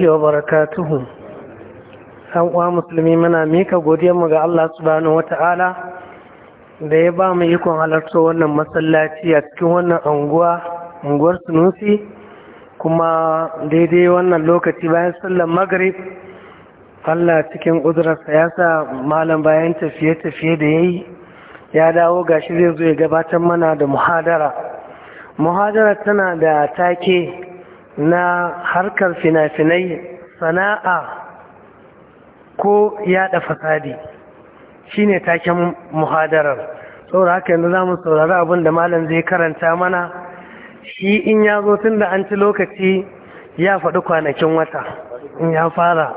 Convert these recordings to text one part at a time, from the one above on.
wa barakatuhu san uwa musulmi muna mika godiyar mu ga Allah subhanahu wata'ala da ya ba mu ikon halarta wannan masallaci a cikin wannan anguwa unguwar sunusi kuma daidai wannan lokaci bayan sallar magarib Allah cikin udurarsa ya sa malam bayan tafiye-tafiye da ya yi ya dawo gashi zai zo ya gabatar mana da muhadara muhadara tana da take na harkar fina-finai sana'a ko yada fasadi shine taken muhadarar saboda haka yanzu za mu saurari abin da malam zai karanta mana shi in ya zo tun da an ci lokaci ya faɗi kwanakin wata in ya fara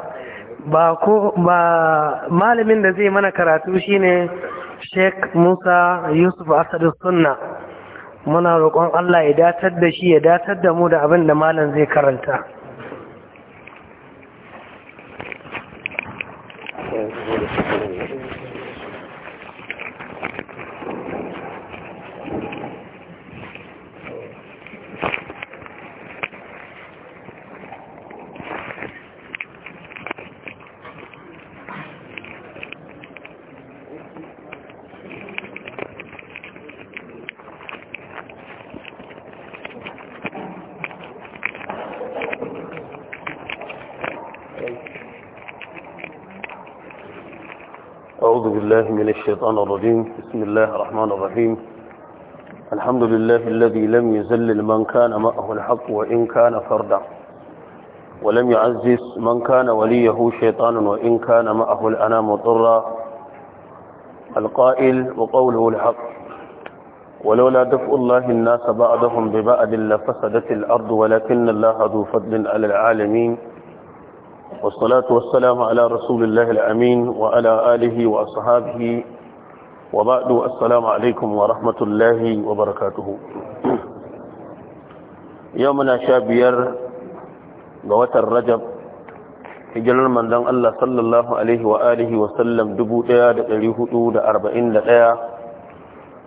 ba ko ba malamin da zai mana karatu shine Sheikh Musa Yusuf Asadu Sunna muna roƙon Allah ya datar da shi ya datar da mu da abin da malam zai karanta بالله من الشيطان الرجيم بسم الله الرحمن الرحيم الحمد لله الذي لم يذلل من كان معه الحق وإن كان فردا ولم يعزز من كان وليه شيطان وإن كان معه الأنام ضرا القائل وقوله الحق ولولا دفء الله الناس بعضهم ببعض لفسدت الأرض ولكن الله ذو فضل على العالمين والصلاة والسلام على رسول الله الأمين وعلى آله وأصحابه وبعد السلام عليكم ورحمة الله وبركاته يومنا شابير قوة الرجب hijirar manzon Allah sallallahu alaihi wa alihi wa sallam 1441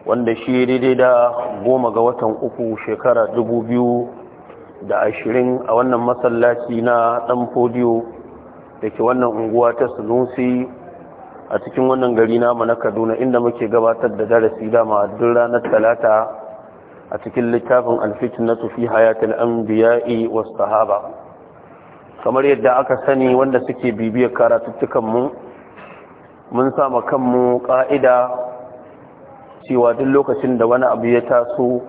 wanda shi daidai da goma ga watan uku shekara biyu da ashirin a wannan masallaci na ɗan fodiyo da ke wannan unguwa ta sunusi a cikin wannan gari namu na kaduna inda muke gabatar da darasi dama duk ranar talata a cikin littafin alfitnatu fi hayatul anbiya'i was sahaba kamar yadda aka sani wanda suke bibiyar karatuttukan mu mun sama kanmu ka'ida cewa duk lokacin da wani abu ya taso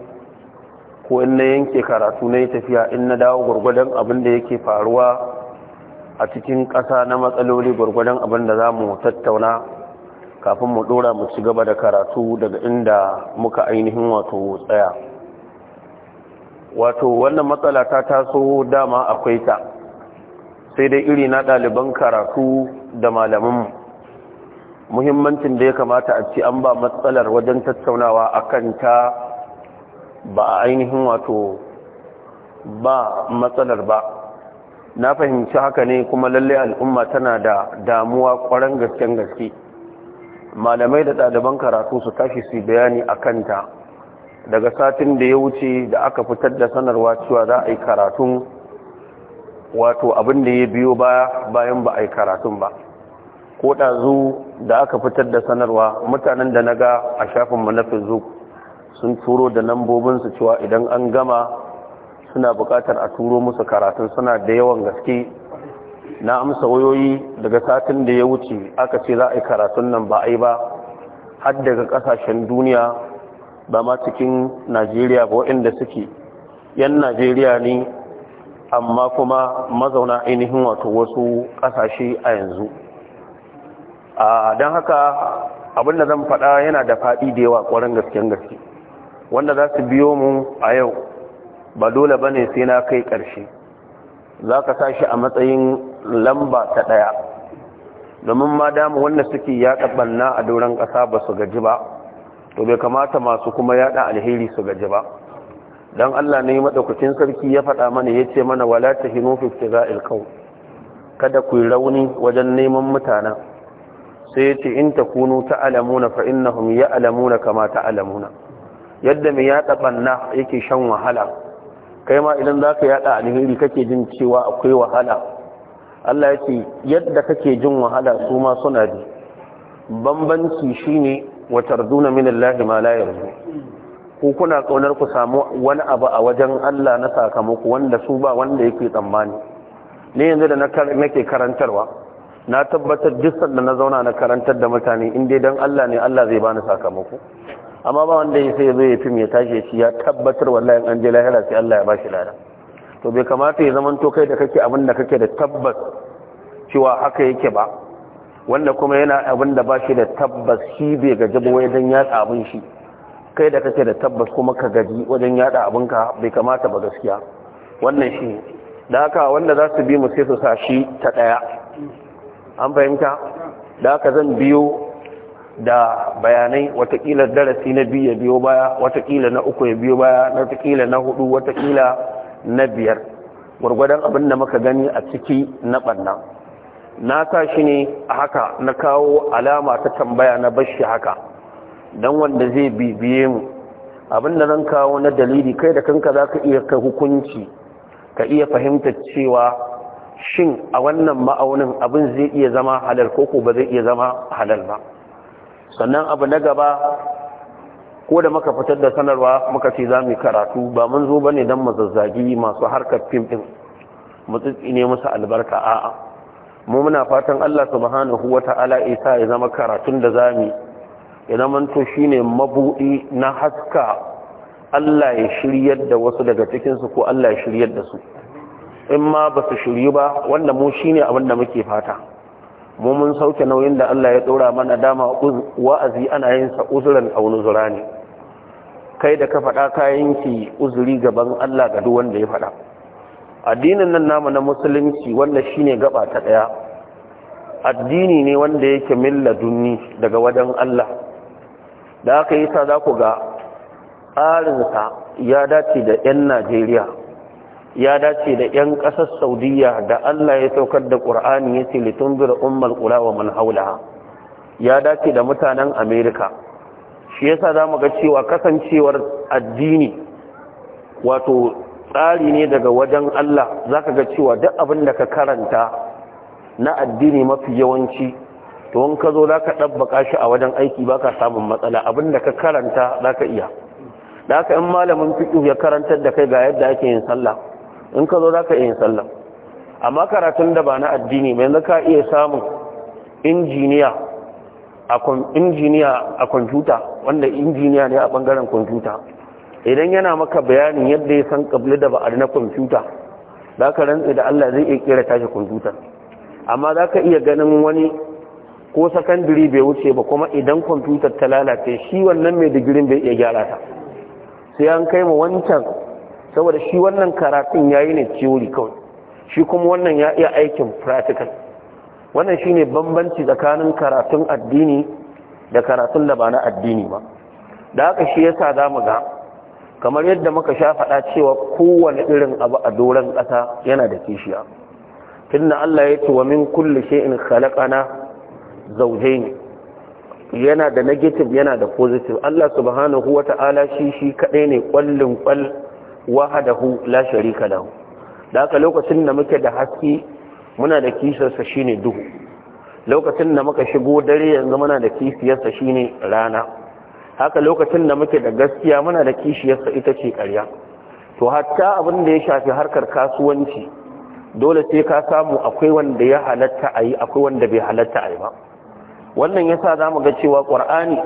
ko in na yanke karatu na yi tafiya in na dawo gwargwadon abin da yake faruwa a cikin ƙasa na matsaloli gwargwadon abin da za mu tattauna kafin mu ɗora mu ci gaba da karatu daga inda muka ainihin wato tsaya wato wannan matsala ta taso dama akwai ta sai dai iri na ɗaliban karatu da malamin muhimmancin da ya kamata a ci an ba matsalar wajen tattaunawa a kanta ba a ainihin wato ba matsalar ba na fahimci haka ne kuma lalle al'umma tana da damuwa ƙwarar gasken gaske malamai da ɗaliban karatu su tashi su bayani a kanta daga satin da ya wuce da aka fitar da sanarwa cewa za a yi karatun wato abin da ya biyo bayan ba a yi karatun ba ko ɗazu da aka fitar da sanarwa mutanen da na ga a shafin manafin zuku sun turo da lambobinsu cewa idan an gama suna buƙatar a turo musu karatun suna da yawan gaske na amsa wayoyi daga satin da ya wuce aka ce za a yi karatun nan ba a yi ba har daga ƙasashen duniya ba ma cikin najeriya ba waɗanda suke yan najeriya ne amma kuma mazauna ainihin wato wasu ƙasashe a yanzu don haka abin da zan faɗa yana da faɗi da yawa ƙwarin gasken gaske wanda za su biyo mu a yau ba dole ba ne sai na kai ƙarshe za ka sa shi a matsayin lamba ta ɗaya domin ma damu wanda suke yaɗa ɓanna a doron ƙasa ba su gaji ba to bai kamata masu kuma yaɗa alheri su gaji ba don allah ne maɗaukacin sarki ya faɗa mana ya ce mana wala ta hinu fifti za ilkau kada ku yi rauni wajen neman mutanen sai ya ce in ta kunu ta alamuna fa innahum ya alamuna kama ta alamuna yadda mai yada banna yake shan wahala kai ma idan za ka yada alheri kake jin cewa akwai wahala Allah ya ce yadda kake jin wahala su ma suna ji bambanci shine ne tarduna min Allah ma la yarzu ko kuna kaunar ku samu wani abu a wajen Allah na sakamako wanda su ba wanda yake tsammani ne yanzu da na nake karantarwa na tabbatar duk da na zauna na karantar da mutane in dai dan Allah ne Allah zai bani sakamako amma ba wanda ya sai zo ya fim ya tashi shi ya tabbatar wallahi an je lahira sai Allah ya bashi lada to bai kamata ya zaman to kai da kake abin da kake da tabbas cewa haka yake ba wanda kuma yana abin da bashi da tabbas shi bai gaji ba wai dan yada abin shi kai da kake da tabbas kuma ka gaji wajen yada ka bai kamata ba gaskiya wannan shi da haka wanda za su bi mu sai su sa shi ta daya an fahimta da haka zan biyo da bayanai watakila darasi na biyu ya biyo baya watakila na uku ya biyo baya watakila na hudu watakila na biyar gwargwadon abin da muka gani a ciki na ɓanna na ta shi ne a haka na kawo alama ta tambaya na bashi haka don wanda zai bibiye mu abin da zan kawo na dalili kai da kanka za ka iya ka hukunci ka iya fahimtar cewa shin a wannan ma'aunin abin zai iya zama halal ko ko ba zai iya zama halal ba sannan abu na gaba ko da muka fitar da sanarwa muka ce za mu karatu ba mun zo bane don mazazzagi masu harkar fim din mutsitsi ne musu albarka a'a mu muna fatan Allah subhanahu wata'ala isa ya zama karatun da za mu ya zama to shine mabuɗi na haska Allah ya shiryar da wasu daga cikinsu ko Allah ya shiryar da su in ma ba su shiryu ba wanda mu shine abin da muke fata mu mun sauke nauyin da Allah ya ɗora mana dama wa'azi ana yin sa uzuran aw wani ne kai da ka faɗa kayan ki uzuri gaban Allah ga duk wanda ya faɗa addinin nan namu na musulunci wanda shine gaba ta daya addini ne wanda yake milla dunni daga wajen Allah da aka yi sa za ku ga tsarinsa ya dace da 'yan Najeriya ya dace da 'yan ƙasar saudiya da allah ya saukar da ƙur'ani ya ce litundar umar ƙula wa man haulaha ya dace da mutanen amerika shi yasa za mu ga cewa kasancewar addini wato tsari ne daga wajen allah za ka ga cewa duk abin da ka karanta na addini mafi yawanci to in ka zo za ka shi a wajen aiki ba ka samun matsala abin da ka karanta za ka iya da haka in malamin fiƙi ya karantar da kai ga yadda ake yin sallah in ka zo za ka iya sallah amma karatun da ba na addini mai yanzu iya samun injiniya a injiniya a kwamfuta wanda injiniya ne a bangaren kwamfuta idan yana maka bayanin yadda ya san kabli da ba'ar na kwamfuta za ka rantse da Allah zai iya kera tashi kwamfuta amma za ka iya ganin wani ko sakandiri bai wuce ba kuma idan kwamfutar ta lalace shi wannan mai digirin bai iya gyara ta sai an kai ma wancan saboda shi wannan karatun ya yi ne theory kawai shi kuma wannan ya iya aikin practical wannan shi ne bambanci tsakanin karatun addini da karatun da ba na addini ba da haka shi yasa za mu ga kamar yadda muka sha faɗa cewa kowane irin abu a doron ƙasa yana da kishiya tunda Allah ya ce wa min kulli shay'in khalaqana zawjayn yana da negative yana da positive Allah subhanahu wata'ala shi shi kaɗai ne kwallin kwal wahadahu la sharika lahu da haka lokacin da muke da haske muna da shi shine duhu lokacin da muka shigo dare yanzu muna da kishiyarsa shine rana haka lokacin da muke da gaskiya muna da kishiyarsa ita ce ƙarya to hatta abin da ya shafi harkar kasuwanci dole sai ka samu akwai wanda ya halatta a yi akwai wanda bai halatta a yi ba wannan yasa za mu ga cewa ƙwar'ani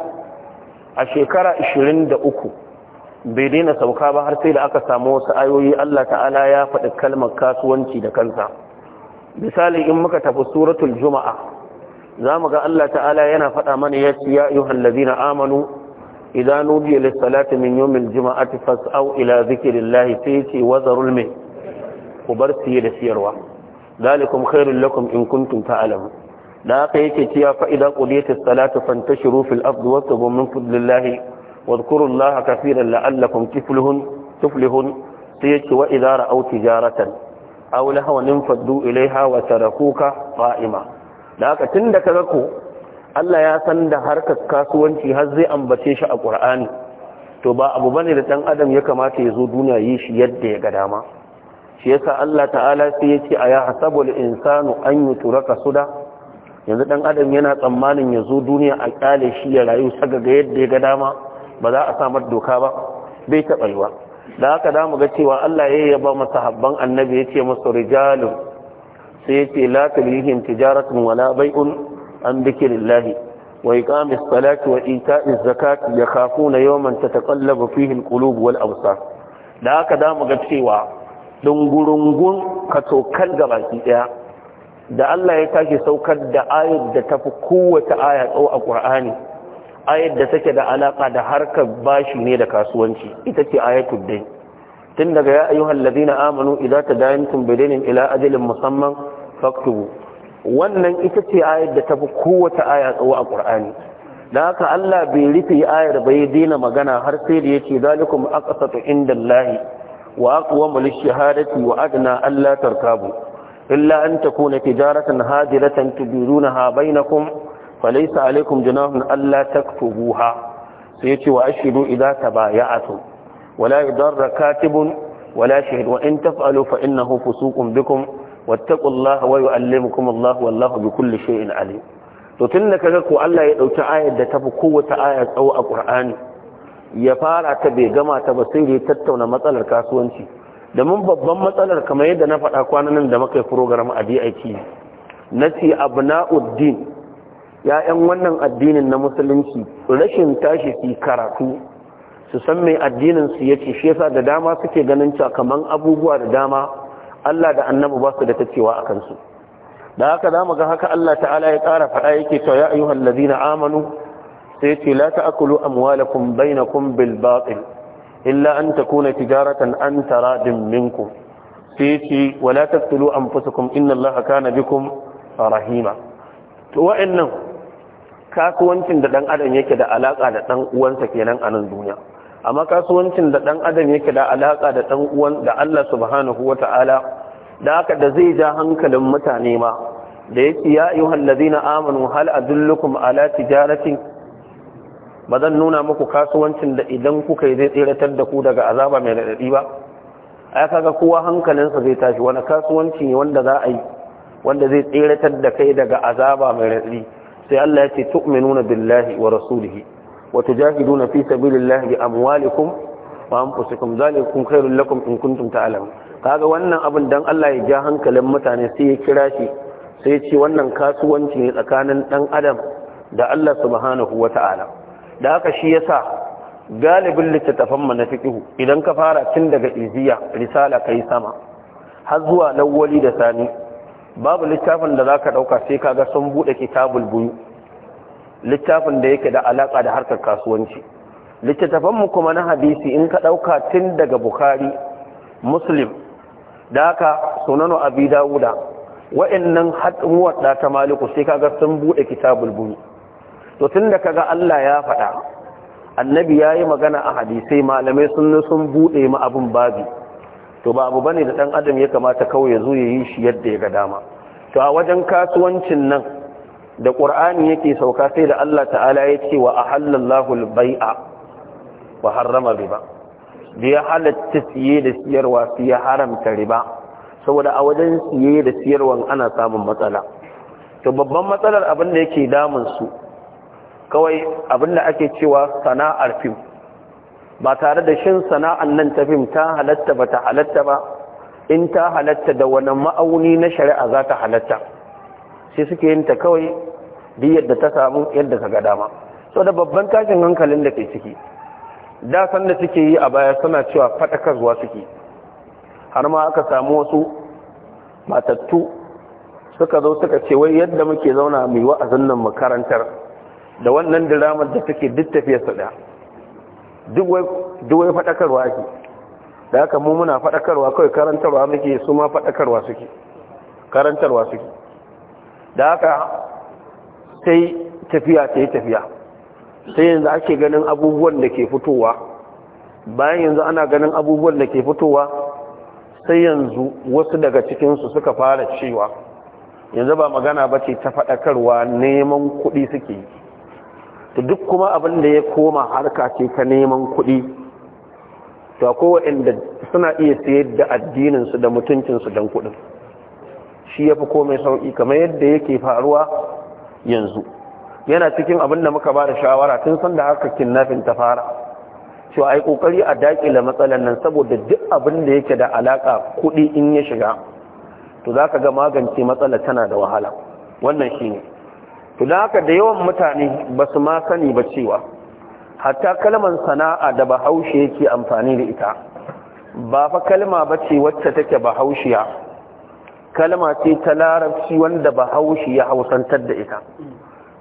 a shekara 23 bai daina sauka ba har sai da aka samu wasu ayoyi Allah ta'ala ya faɗi kalmar kasuwanci da kansa misali in muka tafi suratul juma'a za mu ga Allah ta'ala yana faɗa mana ya ce ya ayyuhal ladina amanu idza nudiya lis salati min yawmil juma'ati fas'au ila zikrillahi sai ce wazarul mai ku bar siye da siyarwa dalikum khairul lakum in kuntum ta'lamun da haka yake cewa fa idza qudiyatis salatu fantashiru fil ardi wasbu min fadlillahi واذكروا الله كثيرا لعلكم تفلحون تفلحون سيك وإذا رأوا تجارة أو لهوا انفضوا إليها وتركوك قائما لك تندك ذكو Allah ya san da harkar kasuwanci har zai ambace shi a Ƙur'ani. to ba abu bane da dan adam ya kamata ya zo duniya yi shi yadda ya ga dama shi yasa Allah ta'ala sai ya ce aya hasabul insanu an yutraka suda yanzu ɗan adam yana tsammanin ya zo duniya a ƙyale shi ya rayu saga ga yadda ya ga dama ba za a samar doka ba bai taɓa yiwa da haka da mu ga cewa Allah ya yaba masa habban annabi ya ce masa rijalun sai ya ce la tulihim tijaratun wala bai'un an dhikrillahi wa iqamis salati wa ita'iz zakati yakhafuna yawman tataqallabu fihi alqulub wal absar da haka da mu ga cewa dungurungun ka tokal ga baki daya da Allah ya tashi saukar da ayat da tafi kowace aya tsawo a Qur'ani ayar da take da alaka da harkar bashi ne da kasuwanci ita ce ayatul dain tun daga ya ayyuhal ladina amanu idza tadayantum bidainin ila ajalin musamman faktubu wannan ita ce ayar da tafi kowace aya tsawo a qur'ani da haka Allah bai rufe ayar bai daina magana har sai da yake zalikum aqsatu indallahi wa aqwamu lishahadati wa adna alla tarkabu illa an takuna tijaratan hadiratan na bainakum falaisa alaikum junahun Allah taktubuha sai yace wa ashidu idza tabaya'atu wala yadarra katibun wala shahid wa in taf'alu fa innahu fusuqun bikum wattaqullaha wa yu'allimukum Allah wallahu bikulli shay'in alim to tunda kaga ko Allah ya dauki ayar da tafi kowace aya tsawo a Qur'ani ya fara ta bai gama ta ba sai ya tattauna matsalar kasuwanci domin babban matsalar kamar yadda na faɗa kwanan nan da muka yi program a DIT na ce abna'uddin ya'yan wannan addinin na musulunci rashin tashi fi karatu su san mai addinin su yace shi yasa da dama suke ganin cewa kaman abubuwa da dama Allah da annabi ba su da tacewa a kansu da haka zamu ga haka Allah ta'ala ya ƙara faɗa yake cewa ya ayyuhal ladina amanu sai yace la ta'kulu amwalakum bainakum bil batil illa an takuna tijaratan an taradin minkum sai yace wala taqtulu anfusakum inna Allaha kana bikum rahima to wa'annan kasuwancin da ɗan adam yake da alaƙa da ɗan uwansa kenan a nan duniya amma kasuwancin da dan adam yake da alaƙa da dan uwan da Allah subhanahu Ta'ala da haka da zai ja hankalin mutane ma da yake ya na na amanu hal dullukum ala tijaratin ba zan nuna muku kasuwancin da idan kuka yi zai tseratar da ku daga azaba mai radadi ba ya kaga kowa hankalinsa zai tashi wani kasuwanci ne wanda za a yi wanda zai tseratar da kai daga azaba mai raɗaɗi sai Allah ya ce tu'minuna billahi wa rasulihi wa tujahiduna fi sabilillahi bi amwalikum wa anfusikum zalikum khairul lakum in kuntum ta'lamun kaga wannan abin dan Allah ya ja hankalin mutane sai ya kira shi sai ya ce wannan kasuwanci ne tsakanin dan adam da Allah subhanahu wa ta'ala da haka shi yasa galibin littattafan mu na fiqh idan ka fara tun daga iziya risala kai sama har zuwa lawwali da sani babu littafin da zaka ɗauka sai kaga sun bude kitabul buyu littafin da yake da alaka da harkar kasuwanci littattafan mu kuma na hadisi in ka ɗauka tun daga bukhari muslim Daka, sunanu abi dawuda wa'annan hadin wadda ta maliku sai kaga sun bude kitabul buyu to tunda ga Allah ya faɗa annabi yayi magana a hadisai malamai sun sun bude mu abun babi to ba abu bane da dan adam ya kamata kawai ya zo ya yi shi yadda ya ga dama to a wajen kasuwancin nan da qur'ani yake sauka sai da Allah ta'ala ya ce wa ahallallahu al-bai'a wa harrama riba da ya halatta siye da siyarwa su ya haramta riba saboda a wajen siye da siyarwa ana samun matsala to babban matsalar abin da yake damun su kawai abin da ake cewa sana'ar fim ba tare da shin sana'an nan ta fim ta halatta ba ta halatta ba in ta halatta da wani ma'auni na shari'a za ta halatta sai suke yin ta kawai duk yadda ta samu yadda ka gada dama so da babban tashin hankalin da ke ciki da sanda suke yi a baya suna cewa faɗakarwa suke har ma aka samu wasu matattu suka zo suka ce wai yadda muke zauna mai wa'azin nan makarantar da wannan diramar da suke duk tafiyar su ɗaya duk wai faɗakarwa ake da aka mummuna faɗakarwa kawai karantarwa muke su ma faɗakarwa suke karantarwa suke da aka sai tafiya ta yi tafiya sai yanzu ake ganin abubuwan da ke fitowa bayan yanzu ana ganin abubuwan da ke fitowa sai yanzu wasu daga cikinsu suka fara cewa yanzu ba magana ba ce ta faɗakarwa neman kuɗi suke yi to duk kuma abin da ya koma harka ce ta neman kuɗi to kowa waɗanda suna iya sayar da addininsu da mutuncinsu don kuɗin shi ya fi komai sauƙi kamar yadda yake faruwa yanzu yana cikin abin da muka ba da shawara tun sanda haka kinnafin ta fara cewa ai kokari a dakile matsalan nan saboda duk abin da yake da alaka kuɗi in ya shiga to zaka ga magance matsala tana da wahala wannan shine to da haka da yawan mutane ba su ma sani ba cewa hatta kalmar sana'a da bahaushe yake amfani da ita ba fa kalma ba ce wacce take bahaushiya kalma ce ta larabci wanda bahaushe ya hausantar da ita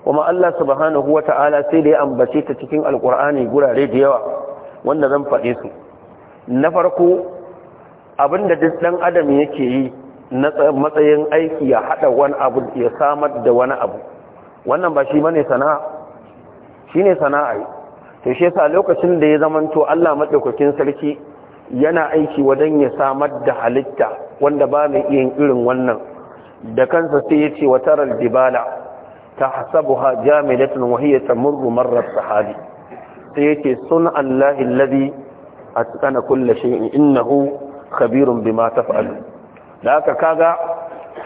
kuma Allah subhanahu wa ta'ala sai da ya ambace ta cikin alkur'ani gurare da yawa wanda zan faɗe su na farko abinda duk ɗan adam yake yi na matsayin aiki ya haɗa wani abu ya samar da wani abu wannan ba shi bane sana'a shine sana'a to shi yasa lokacin da ya zamanto Allah madaukakin sarki yana aiki wajen ya samar da halitta wanda ba mai iya irin wannan da kansa sai ya ce wataral dibala tahsabuha jamidatan wa hiya tamurru marra sahabi sai yace sun Allah alladhi atqana kulli shay'in innahu khabirun bima taf'al da haka kaga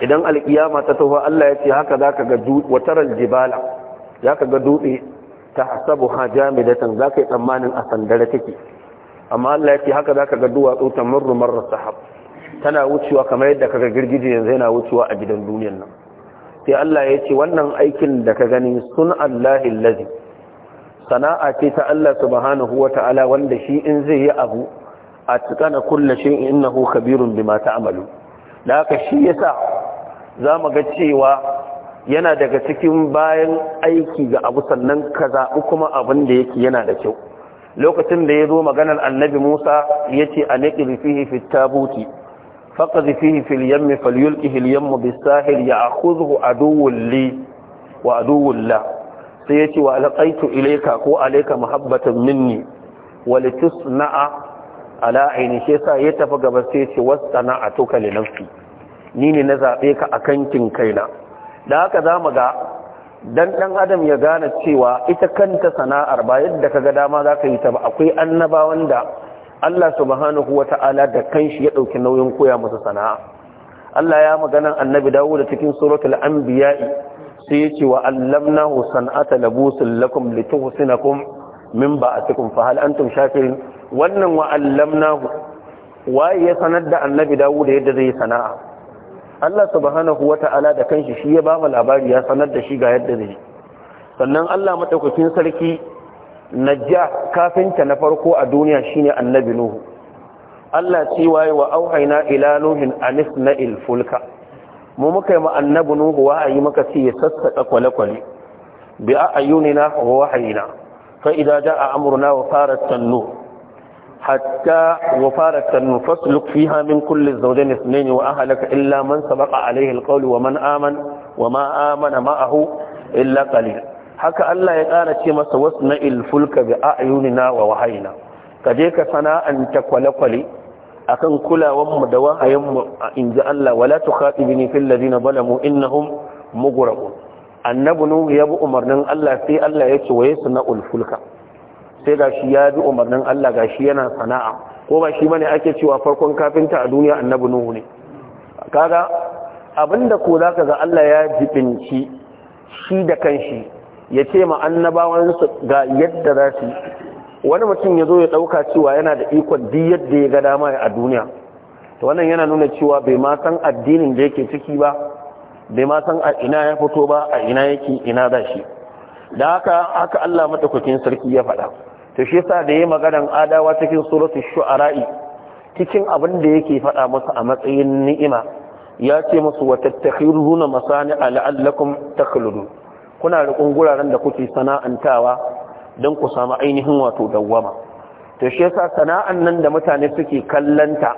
idan alkiyama ta taho Allah ya ce haka ka ga wataral jibala ka ga dutse ta hasabu ha za ka yi tsammanin a sandare take amma Allah ya ce haka zaka ga duwatsu tamurru marra sahab tana wucewa kamar yadda kaga girgije yanzu yana wucewa a gidan duniyar nan sai Allah ya ce wannan aikin da ka gani sun Allahi lazi sana'a ce ta Allah subhanahu wa ta'ala wanda shi in zai yi abu a tsakana kulle shi innahu kabirun bima ta'malu da haka shi yasa za mu ga cewa yana daga cikin bayan aiki ga abu sannan ka zaɓi kuma abin da yake yana da kyau lokacin da ya zo maganar annabi musa ya ce a naƙi fihi fi tabuti faƙa fihi fil yammi falyulki hil yammu bis sahil ya akhudhu a li wa aduwwul sai ya ce wa alqaitu ilayka ko alaika mahabbatan minni wa na'a. ala aini shi yasa ya tafi gaba sai ce wasana atuka li nafsi ni ne na zabe ka akan kin kaina da haka zamu ga dan dan adam ya gane cewa ita kanta sana'ar ba yadda kaga dama zaka yi ta ba akwai annabawan da Allah subhanahu wata'ala da kanshi ya dauki nauyin koya musu sana'a Allah ya magana annabi Dawud cikin suratul anbiya sai yace wa allamnahu san'ata labusul lakum lituhsinakum min ba'atikum fa hal antum shakirin wannan wa waye ya sanar da annabi Dawud yadda zai sana'a Allah subhanahu wata'ala da kanshi shi ya ba labari ya sanar da shi ga yadda zai sannan Allah madaukakin sarki najja kafinta na farko a duniya shine annabi Nuhu Allah ce waye wa auhayna ila nuhin Anis na fulka mu muka yi annabi Nuhu wahayi muka ce ya sassaka kwale-kwale bi ayyunina wa wahayina fa idza a amurna wa farat tanur حتى وفارة فاسلك hamin من كل الزوجين اثنين وأهلك إلا من سبق عليه القول ومن آمن وما آمن معه إلا قليل haka Allah ya ƙara ce masa na ilfulka bi a'yunina wa wahayina. ka je ka sana'anta kwale-kwale akan kulawan mu da wahayin mu inji Allah wala tukhatibni fil ladina zalamu innahum mughraqun annabi ya yabu umarnin Allah sai Allah yake waye na ulfulka sai gashi ya bi umarnin Allah ga shi yana sana'a ko ba shi bane ake cewa farkon kafinta a duniya annabi nuhu ne kaga abinda ko zaka ga Allah ya jibinci shi da kanshi ya ce ma annabawan su ga yadda za su wani mutum ya zo ya dauka cewa yana da ikon duk yadda ya ga dama a duniya to wannan yana nuna cewa bai ma san addinin da yake ciki ba bai ma san a ina ya fito ba a ina yake ina za shi da haka haka Allah madaukakin sarki ya faɗa to shi yasa da yayi maganan adawa cikin suratul shu'ara'i cikin abin da yake faɗa masa a matsayin ni'ima ya ce musu wa tattakhiruna masani'a la'allakum takhludu kuna da guraren da kuke sana'antawa don ku samu ainihin wato dawwama to shi yasa sana'an nan da mutane suke kallanta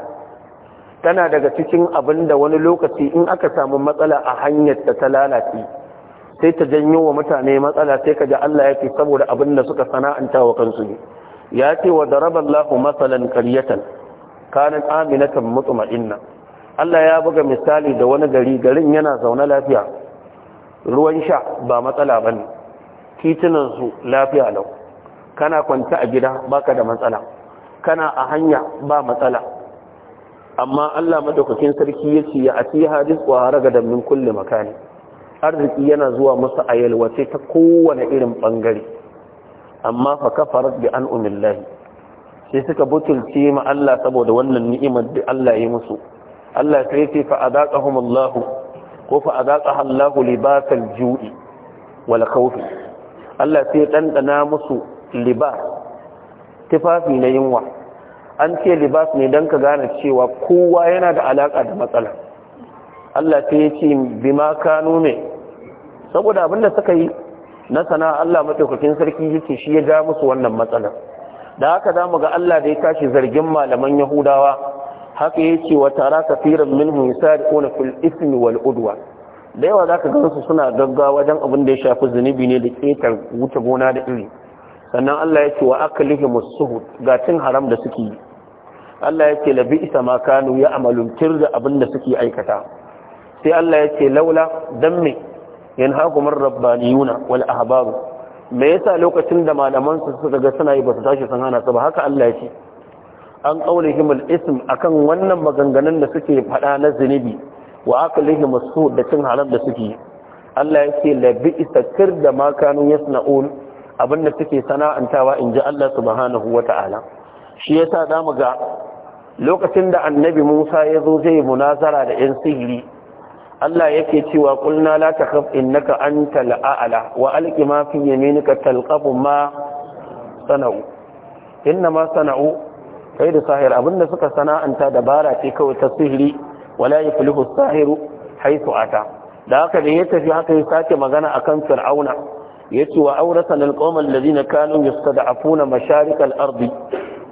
tana daga cikin abin da wani lokaci in aka samu matsala a hanyar da ta lalace sai ta janyo wa mutane matsala sai ka ji Allah ya ce saboda abin da suka sana'anta wa kansu ne. ya ce wa lafi masalan qaryatan kanat aminatan mutma'inna Allah ya buga misali da wani gari garin yana zaune lafiya ruwan sha ba matsala ba ne su lafiya lau kana kwanta a gida baka da matsala kana a hanya ba matsala amma Allah madaukakin sarki yace ya ati hadis wa haraga da min kulli makani arziki yana zuwa masa a yalwace ta kowane irin bangare amma fa kafarat bi an umillahi sai suka butulce ma Allah saboda wannan ni'imar da Allah ya musu Allah sai ce fa adaqahum Allah ko fa adaqaha Allah libasal ju'i wal khawf Allah sai dandana musu libas tufafi na yunwa an ce libas ne dan ka gane cewa kowa yana da alaka da matsala Allah sai ya ce bima kanu ne saboda abinda suka yi na sana Allah madaukakin sarki yake shi ya ja musu wannan matsalar da haka za mu ga Allah da ya tashi zargin malaman Yahudawa haka yake wa tara kafiran minhu yusari'una fil ismi wal udwa da yawa zaka ga su suna gaggawa wajen abin da ya shafi zunubi ne da ketar wuce gona da iri sannan Allah yake wa aklihimus suhud ga cin haram da suke yi Allah yake labi isa ma kanu ya amalun tirda abin da suke aikata sai Allah yake laula dan me yanhaqum ar-rabbaniyuna wal ahbar me yasa lokacin da malaman su suka ga suna yi ba su tashi sun hana su ba haka Allah ya ce an akan wannan maganganun da suke fada na zunubi wa aqlihim as-su da cin haram da suke Allah ya ce la bi'sa da ma kanu yasna'un abinda suke sana'antawa inji Allah subhanahu ta'ala shi yasa zamu ga lokacin da annabi Musa ya zo zai munazara da 'yan sihiri Allah yake cewa kulna la takhaf innaka antal a'la wa alqi ma fi yaminika talqafu ma sana'u ma sana'u kai da sahir abinda suka sana'anta dabara ce kawai ta sihiri wala yuflihu sahiru haythu ata da haka da ya tafi haka ya sake magana akan fir'auna yace wa auratan alqawmal ladina kanu yastad'afuna afuna al-ardi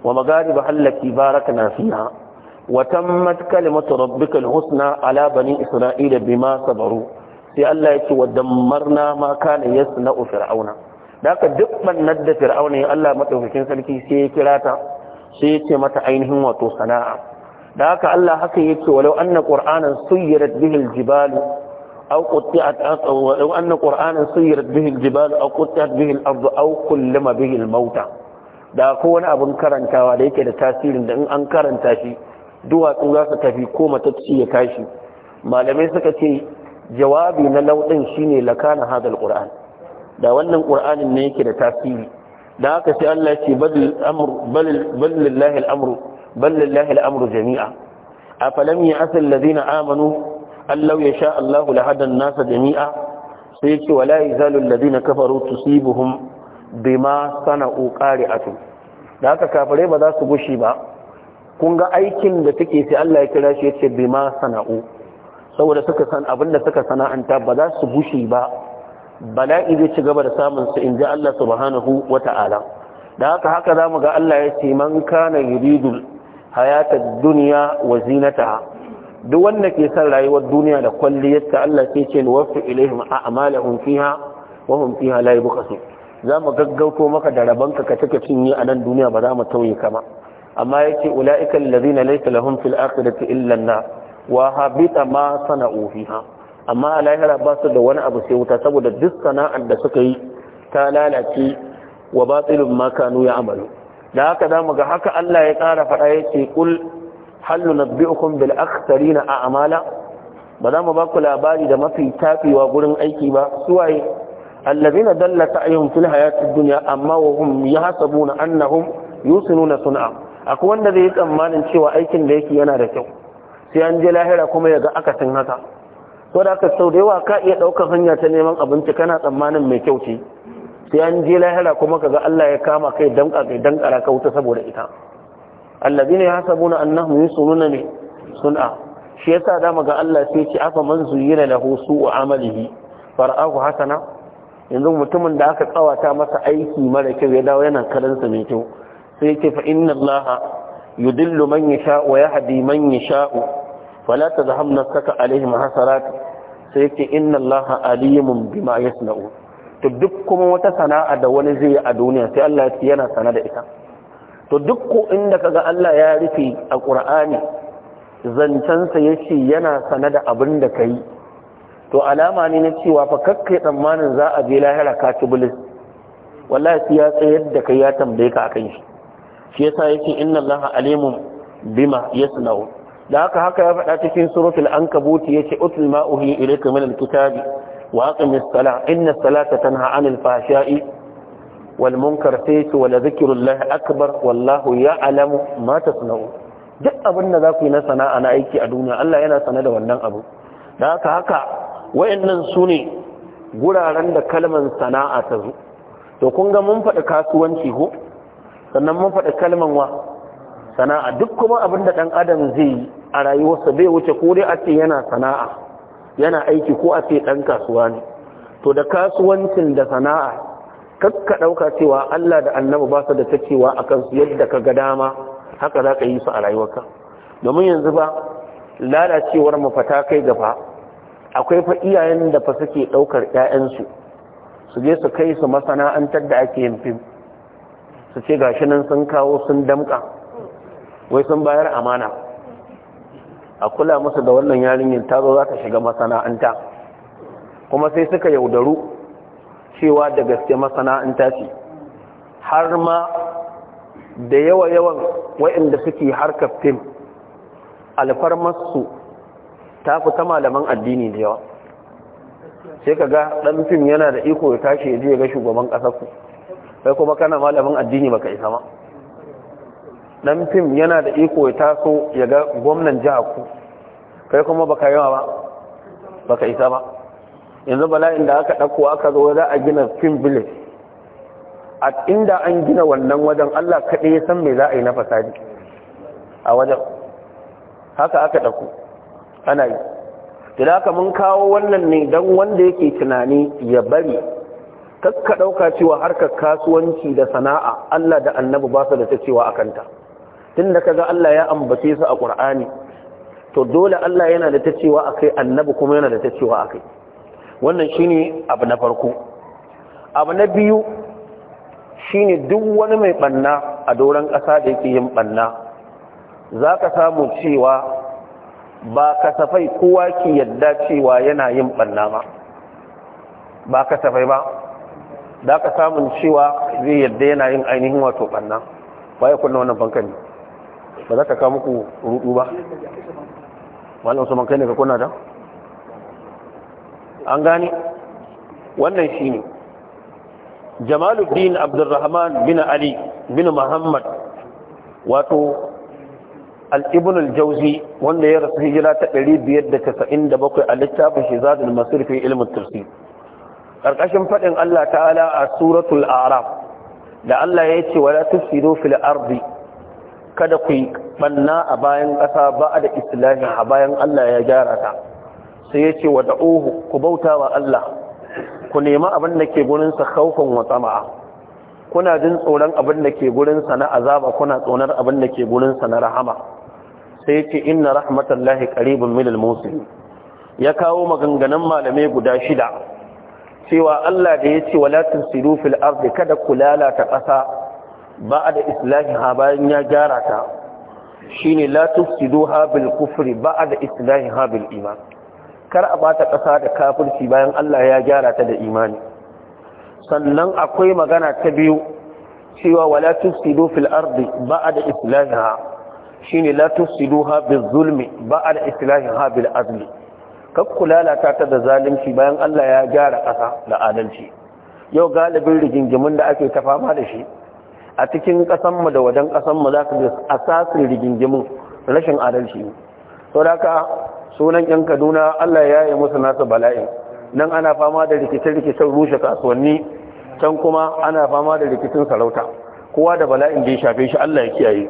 wa magharibaha allati barakna fiha وتمت كلمة ربك الحسنى على بني إسرائيل بما صبروا في الله يتي ودمرنا ما كان يصنع فرعون ذاك دق من ند فرعون الله متوفكين سلكي سي كراتا سي متى عينهم وتو صناعة ذاك الله حكي يتي ولو أن قرآنا سيرت به الجبال أو قطعت ولو أن قرآنا سيرت به الجبال أو قطعت به الأرض أو كلم به الموتى da ko wani abin karantawa da yake da tasirin da in an karanta shi duwatsu za su tafi ko matacci ya tashi malamai suka ce jawabi na lauɗin shine lakana hadal qur'an da wannan qur'anin ne yake da tasiri da haka sai Allah ya ce bal lillahi al-amru bal lillahi al-amru jami'a afalam ya'sal ladina amanu allau yasha Allahu lahadan nasa jami'a sai yace wala yazalu alladhina kafaru tusibuhum bima sana'u qari'atu da haka kafare ba za su gushi ba kun ga aikin da take sai Allah ya kira shi ya ce bima sana'u saboda suka san abin da suka sana'anta ba za su bushe ba bala'i zai ci gaba da samun su inji Allah subhanahu wata'ala da haka haka za mu ga Allah ya ce man kana yuridu hayatad dunya wa zinataha duk wanda ke son rayuwar duniya da ta Allah sai ce wasu ilaihim a'malahum fiha wa hum fiha la yubqasu za mu gaggauto maka da rabanka ka take cinye a nan duniya ba za mu tauye ba amma yace ula'ikan ladina laysa lahum fil akhirati illan na nar wa habita ma sana'u fiha amma a lahira ba su da wani abu sai wuta saboda duk sana'ar da suka yi ta lalace wa batilun ma ya amalu. da haka zamu ga haka Allah ya kara faɗa yace kul hal nunabbi'ukum bil akhsarina a'mala ba za mu ba ku labari da mafi tafewa gurin aiki ba suwaye allazina dalla sa'yuhum fil hayatid dunya amma wa hum yahsabuna annahum yusinuna sun'a akwai wanda zai yi tsammanin cewa aikin da yake yana da kyau sai an je lahira kuma ya ga akasin haka to da aka sau da yawa ka iya ɗaukar hanya ta neman abinci kana tsammanin mai kyau ce sai an je lahira kuma ka ga Allah ya kama kai ka dan dankara ka wuta saboda ita allazina yahsabuna annahum yusununa ne sun'a shi yasa da maga Allah sai ce afa man zuyina lahu su'u amalihi fara'ahu hasana yanzu mutumin da aka kawata masa aiki mara kyau ya dawo yana karansa mai kyau sai yake fa inna allaha yudillu man yasha wa yahdi man yasha fala tazham nafsaka alaihim hasarat sai yake inna allaha alimun bima yasna'u to duk kuma wata sana'a da wani zai yi a duniya sai Allah ya yana sana da ita to duk ko inda kaga Allah ya rufe a Qur'ani zancensa yace yana sana da abin da yi. to alama ne na cewa fa kakkai tsammanin za a je lahira ka ci bilis wallahi ya tsayar da kai ya tambaye ka kan shi shi yasa yake inna allaha alimun bima yasna'u da haka haka ya faɗa cikin suratul ankabut yace utul ma uhi ilayka min alkitabi wa aqimis salah inna salata tanha anil fahsha'i wal munkar sayyi wa la dhikrullahi akbar wallahu ya'lamu ma tasna'u duk abin da za ku yi na sana'a na aiki a duniya Allah yana sana da wannan abu da haka haka wayannan su ne guraren da kalmar sana'a ta zo to kun ga mun faɗi kasuwanci ko sannan mun faɗi kalman wa sana'a duk kuma abin da ɗan adam zai yi a rayuwarsa bai wuce ko dai a ce yana sana'a yana aiki ko a ce ɗan kasuwa ne to da kasuwancin da sana'a kakka ɗauka cewa Allah da annabi ba su da ta cewa a kansu yadda ka ga dama haka za ka yi su a rayuwarka domin yanzu ba lalacewar mafata kai gaba akwai fa iyayen da fa suke ɗaukar ƴaƴansu su je su kai su masana'antar da ake yin fim su ce gashi nan sun kawo sun damka wai sun bayar amana a kula musu da wannan yarinyar ta zo za ta shiga masana'anta kuma sai suka yaudaru cewa da gaske masana'anta ce har ma da yawa-yawan waɗanda suke harkar fim alfarmarsu ta fi ta malaman addini da yawa sai ka ga ɗan fim yana da iko ya tashi ya je ga shugaban ƙasarsu kai kuma kana malamin addini baka isa ma dan fim yana da iko ya taso ya ga gwamnan jiha ku kai kuma baka yawa ba baka isa ba yanzu bala'in da aka ɗauko aka zo za a gina fim village a inda an gina wannan wajen Allah kaɗai ya san me za a yi na fasadi a wajen haka aka ɗauko ana yi idan haka mun kawo wannan ne don wanda yake tunani ya bari kakka ɗauka cewa harkar kasuwanci da sana'a Allah da annabi ba su da ta cewa a kanta tun da kaga Allah ya ambace su a ƙur'ani to dole Allah yana da ta cewa a kai annabi kuma yana da ta cewa a kai wannan ne abu na farko abu na biyu shine duk wani mai ɓanna a doron ƙasa da yake yin ɓanna za ka samu cewa ba kasafai kowa ki yadda cewa yana yin ɓanna ba ba kasafai ba da aka samun cewa zai yadda yana yin ainihin wato ɓanna ya kunna wannan bankan ne ba za ta kawo muku rudu ba malam su kai ne ka kunna da an gane wannan shi ne jamaluddin abdurrahman bin ali bin muhammad wato al jauzi wanda ya rasu hijira ta 597 a littafin shizadul masir fi ilmin tursi. ƙarƙashin faɗin Allah ta'ala a suratul araf da Allah ya ce wala tufsidu fil ardi kada ku yi banna a bayan ƙasa ba da islahi a bayan Allah ya gyara ta sai ya ce wa da'uhu ku bauta wa Allah ku nemi abin da ke gurin sa khawfan wa tsama'a kuna jin tsoron abin da ke gurin sa na azaba kuna tsonar abin da ke gurin sa na rahama sai ya ce inna rahmatallahi qaribun minal muslimin ya kawo maganganun malamai guda shida cewa Allah da ya ce wala tusiru fil ardi kada ku lalata ƙasa ba da islahi ha bayan ya gyara ta shine la tusiduha bil kufri ba da islahiha bil iman kar a bata ƙasa da kafirci bayan Allah ya gyara ta da imani sannan akwai magana ta biyu cewa wala tusidu fil ardi ba da islahi ha, shine la tusiduha bil zulmi ba da islahiha bil adli kakku lalata ta da zalunci bayan Allah ya gyara ƙasa da adalci yau galibin rigingimin da ake ta fama da shi a cikin ƙasanmu da wajen ƙasanmu za ka ji asasin rigingimin rashin adalci ne sau da ka sunan yan kaduna Allah ya yi musu nasu balai nan ana fama da rikice-rikicen rushe kasuwanni can kuma ana fama da rikicin sarauta kowa da bala'in da ya shafe shi Allah ya kiyaye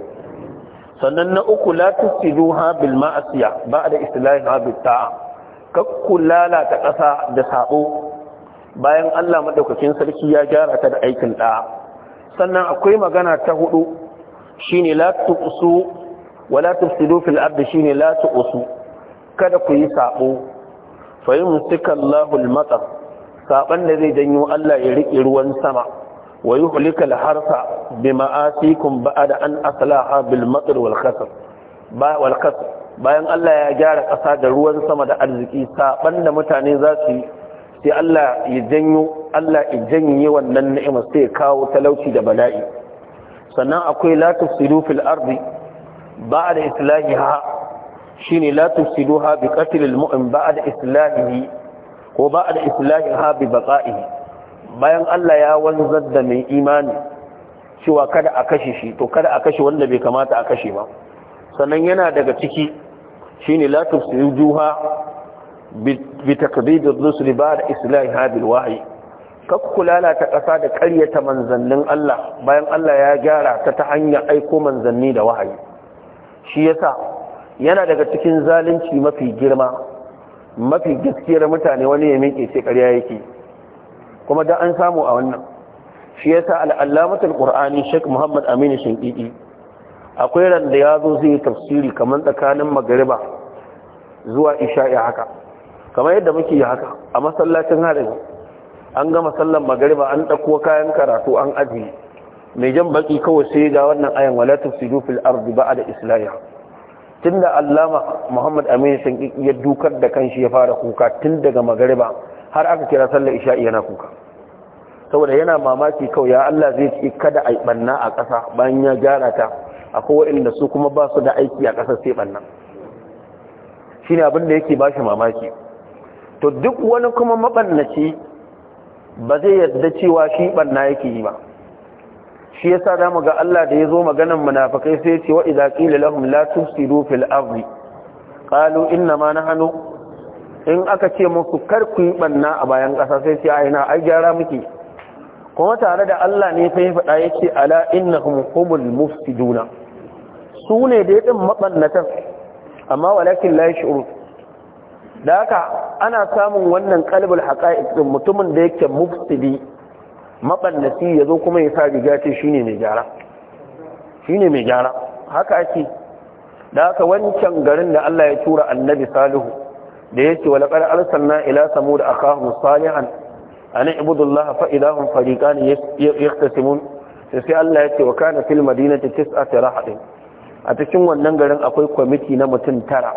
sannan na uku la tusiduha bil ma'asiya ba da istilahi ha bil ta'a kakku lalata ƙasa da saɓo bayan Allah maɗaukacin sarki ya gyara ta da aikin ɗa sannan akwai magana ta hudu shine la tuqsu wa la tufsidu fil ardi shine la tuqsu kada ku yi saɓo. fa yumsika Allahu al-matar saban da zai janyo Allah ya rike ruwan sama wa yuhlika al-harsa bima'asikum ba'da an aslaha bil matar wal khasr ba wal khasr bayan Allah ya gyara ƙasa da ruwan sama da arziki saban da mutane za su yi Allah ya janyo Allah ya janye wannan ni'ima sai ya kawo talauci da bala'i sannan akwai la tufsidu fil ardi ba'da islahiha shine la tufsiduha bi qatl al mu'min ba'da islahihi ko islahi, islahiha bi baqa'ihi bayan Allah ya wanzar da mai imani cewa kada a kashe shi to kada a kashe wanda bai kamata a kashe ba sannan yana daga ciki shine la tufsiduha bi taqdid ar-rusul ba'da islahiha bil wahyi kakku lalata ƙasa da ƙaryata manzannin Allah bayan Allah ya gyara ta ta hanyar aiko manzanni da wahayi shi yasa yana daga cikin zalunci mafi girma mafi gaskiyar mutane wani ya miƙe sai ƙarya yake kuma da an samu a wannan shi yasa al'allamatul qur'ani Sheikh Muhammad Aminu Shinkiki akwai ran da ya zo zai tafsiri kamar tsakanin magariba zuwa isha'i haka kamar yadda muke yi haka a masallacin harin an gama sallan magariba an ɗauko kayan karatu an ajiye mai jan baki kawai sai ga wannan ayan wala tafsiru fil ardi islaya tun tunda allama muhammad amin sun ya dukar da kanshi ya fara kuka tun daga magariba har aka kira sallar isha'i yana kuka saboda yana mamaki kawai ya Allah zai ci kada a banna a ƙasa bayan ya gyara ta akwai waɗanda su kuma ba su da aiki a ƙasar sai nan shi ne abinda yake ba shi mamaki to duk wani kuma maɓannaci ba zai yadda cewa shi ɓanna yake yi ba shi ya sa damu ga Allah da ya zo maganan munafakai sai ce wa idza qila lahum la tufsidu fil ardi qalu inna ma nahnu in aka ce musu kar ku yi ɓanna a bayan ƙasa sai ce ai na ai gyara muke kuma tare da Allah ne fa ya faɗa ya ce ala innahum humul mufsiduna su ne dai din mabannatan amma walakin la yashuru da haka ana samun wannan qalbul haqa'iq din mutumin da yake mufsidi ya yazo kuma ya sa riga ce ne mai gyara ne mai gyara haka ake da haka wancan garin da Allah ya tura annabi salihu da yake walaqad arsalna ila da akahum salihan an ibudullaha fa idahum fariqan yaqtasimun sai Allah ya ce wa kana fil madinati tis'atu rahadin a cikin wannan garin akwai kwamiti na mutum tara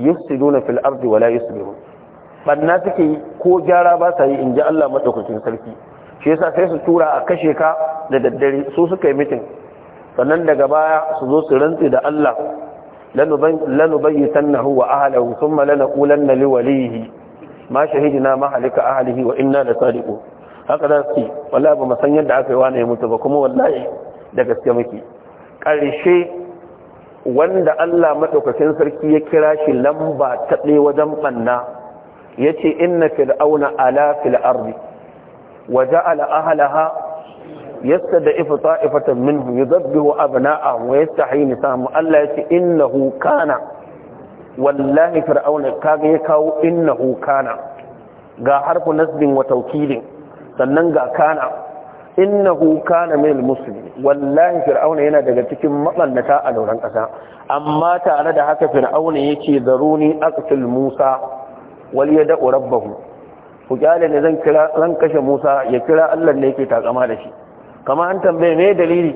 yufsiduna fil ardi wala yuslihun banna suke ko gyara ba sa yi inji Allah madaukakin sarki shi yasa sai su tura a kashe ka da daddare su suka yi mitin sannan daga baya su zo su rantsi da Allah lanubayyitannahu wa ahlihi thumma lanaqulanna liwalihi ma shahidina mahalika halika ahlihi wa inna la haka da su wallahi ba mu san yadda aka yi wani ya mutu ba kuma wallahi da gaske muke ƙarshe wanda Allah madaukakin sarki ya kira shi lamba ta ɗaya wajen banna yace inna fir'auna ala fil ardi wa ja'ala ahlaha yastad'ifu ta'ifatan minhum yudabbihu abna'ahum wa yastahyi nisa'ahum Allah yace innahu kana wallahi fir'auna kaga ya kawo innahu kana ga harfu nasbin wa taukidin sannan ga kana innahu kana min muslimin wallahi fir'auna yana daga cikin matsannata a dauran kasa amma tare da haka fir'auna yace zaruni aqtil musa wal yad'u rabbahu ku kyale ne zan kira zan kashe musa ya kira Allah ne yake takama da shi kama an tambaye me dalili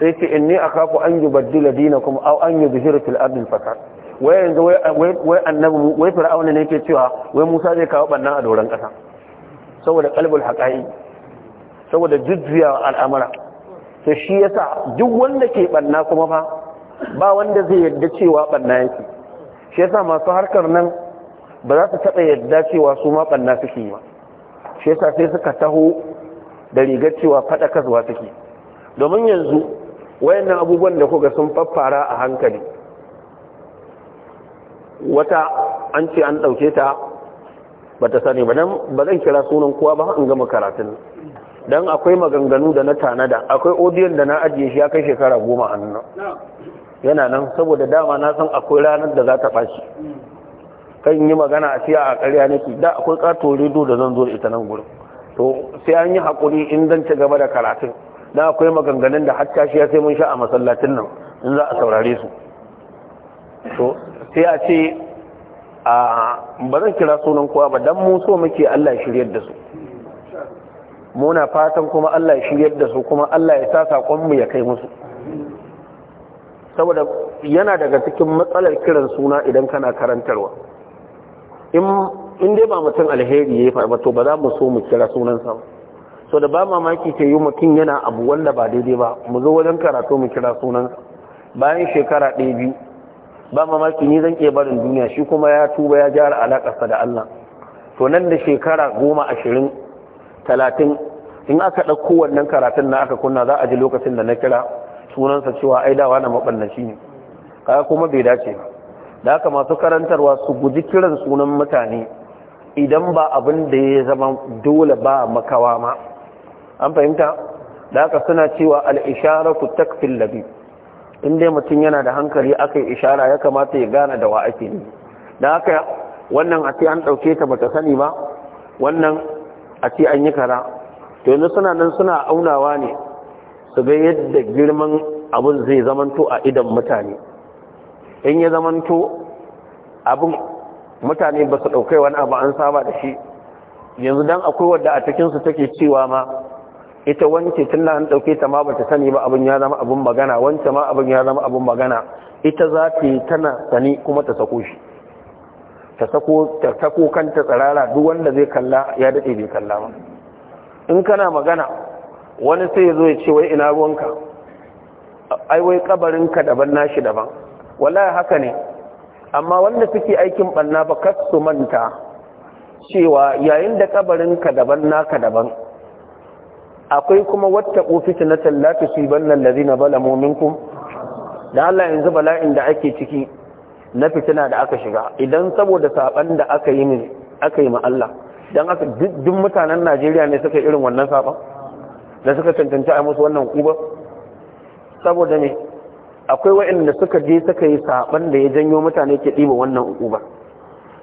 sai ce inni akafu an yubaddila dinakum aw an yuzhira fil ardi fasad wai yanzu wai annabi wai fir'auna ne ke cewa wai musa zai kawo bannan a doron ƙasa saboda qalbul haƙa'i saboda jujjuya al'amura to shi yasa duk wanda ke banna kuma fa ba wanda zai yadda cewa banna yake shi yasa masu harkar nan ba za su taɓa yadda cewa su ma banna suke yi ba shi yasa sai suka taho da rigar cewa fada kasuwa suke domin yanzu wayannan abubuwan da kuka sun faffara a hankali wata an ce an ɗauke ta ba ta sani ba ba zan kira sunan kuwa ba in gama karatun don akwai maganganu da na tanada akwai odiyon da na ajiye shi ya kai shekara goma a nan yana nan saboda dama na san akwai ranar da za ta ɓaci kan yi magana a siya a ƙarya nake da akwai ƙato rido da zan zo ita nan gurin to sai an yi haƙuri in zan ci gaba da karatun da akwai maganganun da hatta shi ya sai mun sha a masallacin nan in za a saurare su to sai a ce a ba kira sunan kowa ba don mu so muke Allah shiryar da su muna fatan kuma Allah shiryar da su kuma Allah ya sa sakon mu ya kai musu saboda yana daga cikin matsalar kiran suna idan kana karantarwa in dai ba mutum alheri ya yi to ba za mu so mu kira sunansa ba so da ba mamaki ta yi mutum yana abu wanda ba daidai ba mu zo wajen karatu mu kira sunansa bayan shekara ɗaya biyu ba mamaki ni zan iya barin duniya shi kuma ya tuba ya gyara alakarsa da Allah to nan da shekara goma ashirin talatin in aka ɗauko wannan karatun na aka kunna za a ji lokacin da na kira sunansa cewa ai dawa na shi ne kaga kuma bai dace ba da haka masu karantarwa su guji kiran sunan mutane idan ba abin da ya zama dole ba makawa ma an fahimta da haka suna cewa al-isharatu takfil labib in dai mutum yana da hankali aka yi ishara ya kamata ya gane da wa ake ne da haka wannan a ce an ɗauke ta bata sani ba wannan a ce an yi kara to yanzu suna nan suna aunawa ne su ga yadda girman abin zai zamanto a idan mutane in ya zamanto abin mutane ba su ɗaukai wani abu an saba da shi yanzu don akwai wadda a cikinsu take cewa ma ita wance tun da an ta ma ba ta sani ba abin ya zama abin magana wance ma abin ya zama abin magana ita za ta yi tana sani kuma ta sako shi ta sako kanta tsirara duk wanda zai kalla ya daɗe bai kalla ba in kana magana wani sai ya zo ya ce wai ina ruwanka ai wai kabarinka daban nashi daban wallahi haka ne amma wanda suke aikin banna ba kar su manta cewa yayin da ka daban naka daban akwai kuma wata na su ban nan lazi na bala mominkum da Allah yanzu bala'in da ake ciki na fitina da aka shiga idan saboda saban da aka yi aka yi ma'alla Allah aka duk mutanen Najeriya ne suka irin wannan saban da suka tantance a musu wannan kuba saboda ne akwai da suka je suka yi saban da ya janyo mutane ke ɗiba wannan uba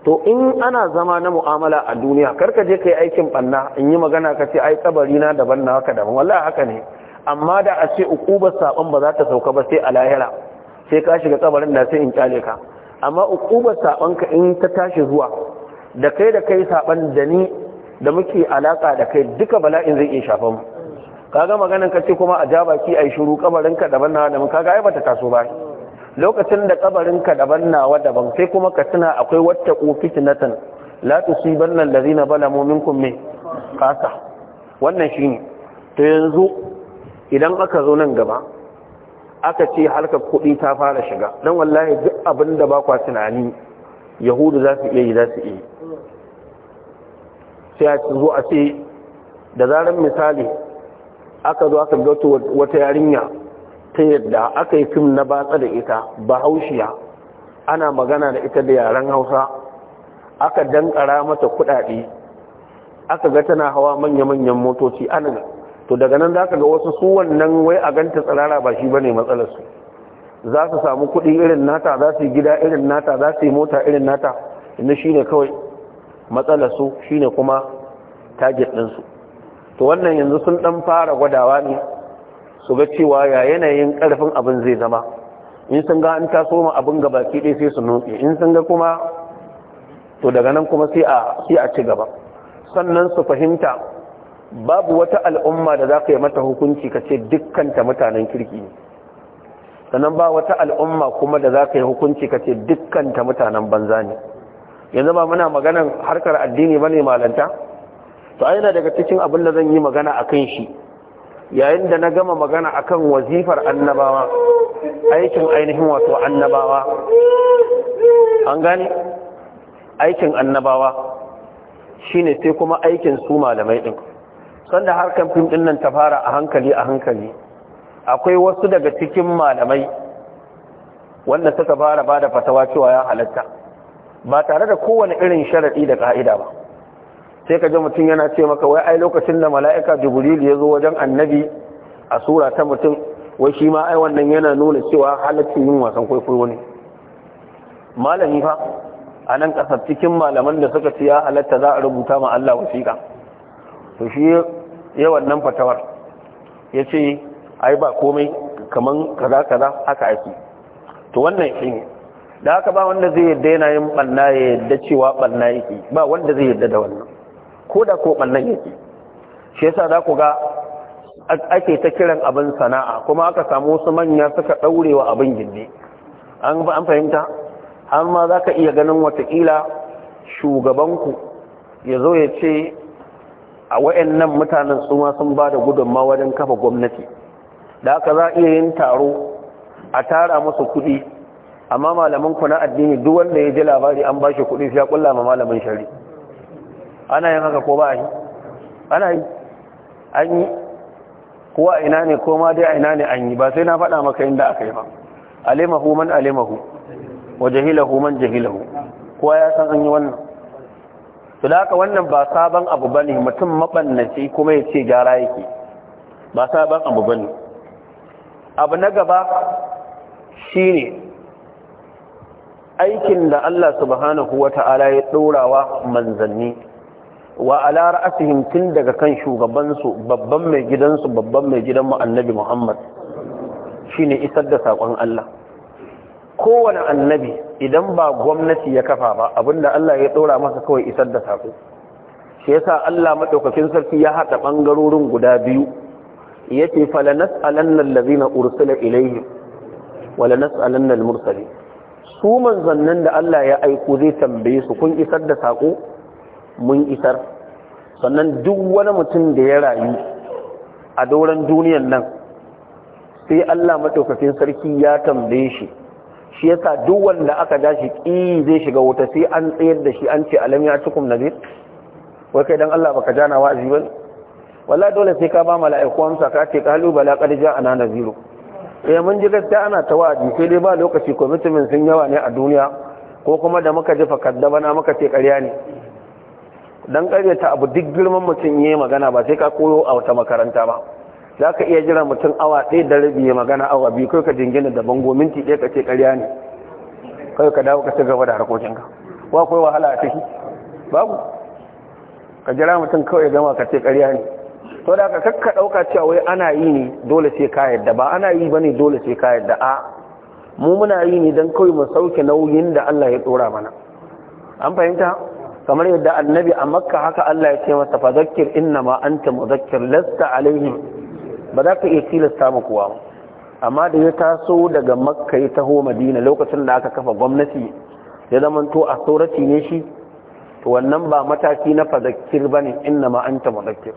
to in ana zama na mu'amala a duniya karka je kai aikin banna in yi magana ka ce ai kabari na daban na haka daban wallahi haka ne amma da a ce ukubar saban ba za ta sauka ba sai a lahira sai ka shiga tsabarin da sai in kyale ka amma ukubar saban ka in ta tashi zuwa da kai da kai saban da ni da muke alaka da kai duka bala'in zai iya shafa mu kaga maganan ka ce kuma a ja baki ai shiru kabarin ka daban na da mun kaga ai bata taso ba lokacin da kabarin kabarinka daban nawa daban sai kuma ka tuna akwai wata fitnatan la tusibanna allazina balamu minkum me kasa wannan shine Ta yanzu idan aka zo nan gaba aka ce harkar kuɗi ta fara shiga dan wallahi duk abin da ba kwa tunani yahudu za su iya yi za su iya sai a zo a ce da zarar misali aka zo aka gato wata yarinya ta yadda aka yi fim na batsa da ita bahaushiya ana magana da ita da yaren hausa aka dankara mata kuɗaɗe aka ga tana hawa manya-manyan motoci ana to daga nan za ka ga wasu su wannan wai a ganta tsirara ba shi ba ne matsalarsu za su samu kuɗi irin nata za su yi gida irin nata za su yi mota irin nata inda shi ne kawai matsalarsu shi ne kuma target ɗinsu to wannan yanzu sun ɗan fara gwadawa ne su ga cewa ya yanayin karfin abin zai zama in sun ga an taso ma abin gaba baki ɗai sai su nufi in sun ga kuma to daga nan kuma sai a ci gaba sannan su fahimta babu wata al'umma da za ka yi mata hukunci ka ce dukkanta mutanen kirki ne sannan ba wata al'umma kuma da za ka yi hukunci ka ce dukkanta mutanen banza ne yanzu ba muna maganan harkar addini ba ne malanta to a yana daga cikin abin da zan yi magana a kan shi yayin da na gama magana akan wazifar annabawa aikin ainihin wato annabawa an gane aikin annabawa shine sai kuma aikin su malamai din sanda harkar fim din nan ta fara a hankali a hankali akwai wasu daga cikin malamai wanda suka fara bada fatawa cewa ya halatta ba tare da kowane irin sharadi da ka'ida ba sai ka ji mutum yana ce maka wai ai lokacin da mala'ika jibril ya zo wajen annabi a sura ta mutum wai shi ma ai wannan yana nuna cewa halaccin yin wasan kwaikwayo ne malami fa a nan ƙasar cikin malaman da suka ce ya halatta za a rubuta ma Allah wasiƙa to shi ya wannan fatawar ya ce ai ba komai kamar kaza kaza haka ake to wannan shi ne da haka ba wanda zai yadda yana yin ɓanna ya yadda cewa ɓanna yake ba wanda zai yadda da wannan ko da ko ɓannan yake shi yasa za ku ga ake ta kiran abin sana'a kuma aka samu wasu manya suka ɗaure wa abin gindi an an fahimta har ma za ka iya ganin watakila shugabanku ya zo ya ce a wayannan mutanen tsuma sun ba da gudunma wajen kafa gwamnati da aka za iya yin taro a tara musu kuɗi amma malamanku na addini duk wanda ya ji labari an ba shi kuɗi sai ya kulla ma malamin shari'a ana yin haka ko ba a yi ana yi an yi ko a ina ne ko ma dai a ina ne an yi ba sai na faɗa maka inda aka yi ba alimahu man alimahu wa jahilahu man jahilahu kowa ya san an yi wannan to da haka wannan ba sabon abu bane mutum mabannaci kuma ya ce gyara yake ba sabon abu bane abu na gaba shine aikin da Allah subhanahu wa ta'ala ya ɗorawa manzanni wa ala ra'asihim tun daga kan shugabansu babban mai gidansu babban mai gidan mu annabi Muhammad shine isar da sakon Allah kowane annabi idan ba gwamnati ya kafa ba abinda Allah ya dora masa kawai isar da sako shi yasa Allah madaukakin sarki ya hada bangarorin guda biyu yace falanas'alanna allazina ursila ilayhim wala nas'alanna al-mursalin su manzannin da Allah ya aiko zai tambaye su kun isar da sako mun isar sannan duk wani mutum da ya rayu a doron duniyan nan sai Allah maɗaukakin sarki ya tambaye shi shi yasa duk wanda aka ja shi ƙi zai shiga wuta sai an tsayar da shi an ce alam ya cikum zai wai kai dan Allah baka jana wa'azi ba walla dole sai ka ba mala'iku amsa ka ce kalu bala qad ja'ana naziru eh mun ji gaskiya ana ta wa'azi sai dai ba lokaci commitment sun yawa ne a duniya ko kuma da muka ji kaddaba na muka ce ƙarya ne Don karyata abu duk girman mutum yi magana ba sai ka koyo a wata makaranta ba za ka iya jira mutum awa ɗaya da rabi ya magana awa biyu kai ka jingina da bango minti ɗaya ka ce ƙarya ne kai ka dawo ka ci gaba da harkokinka ba kai wahala a ciki babu ka jira mutum kawai gama ka ce ƙarya ne to da ka kakka ɗauka cewa wai ana yi ne dole sai ka yadda ba ana yi bane dole sai ka yadda a mu muna yi ne don kawai mu sauke nauyin da Allah ya tsora mana an fahimta kamar yadda annabi a makka haka Allah ya ce masa fa zakkir inna ma anta muzakkir lasta alaihim ba za ka iya tilasta mu kuwa amma da ya taso daga makka ya taho madina lokacin da aka kafa gwamnati ya zama to a saurati ne shi to wannan ba mataki na fadakkir bane inna ma anta mudakkir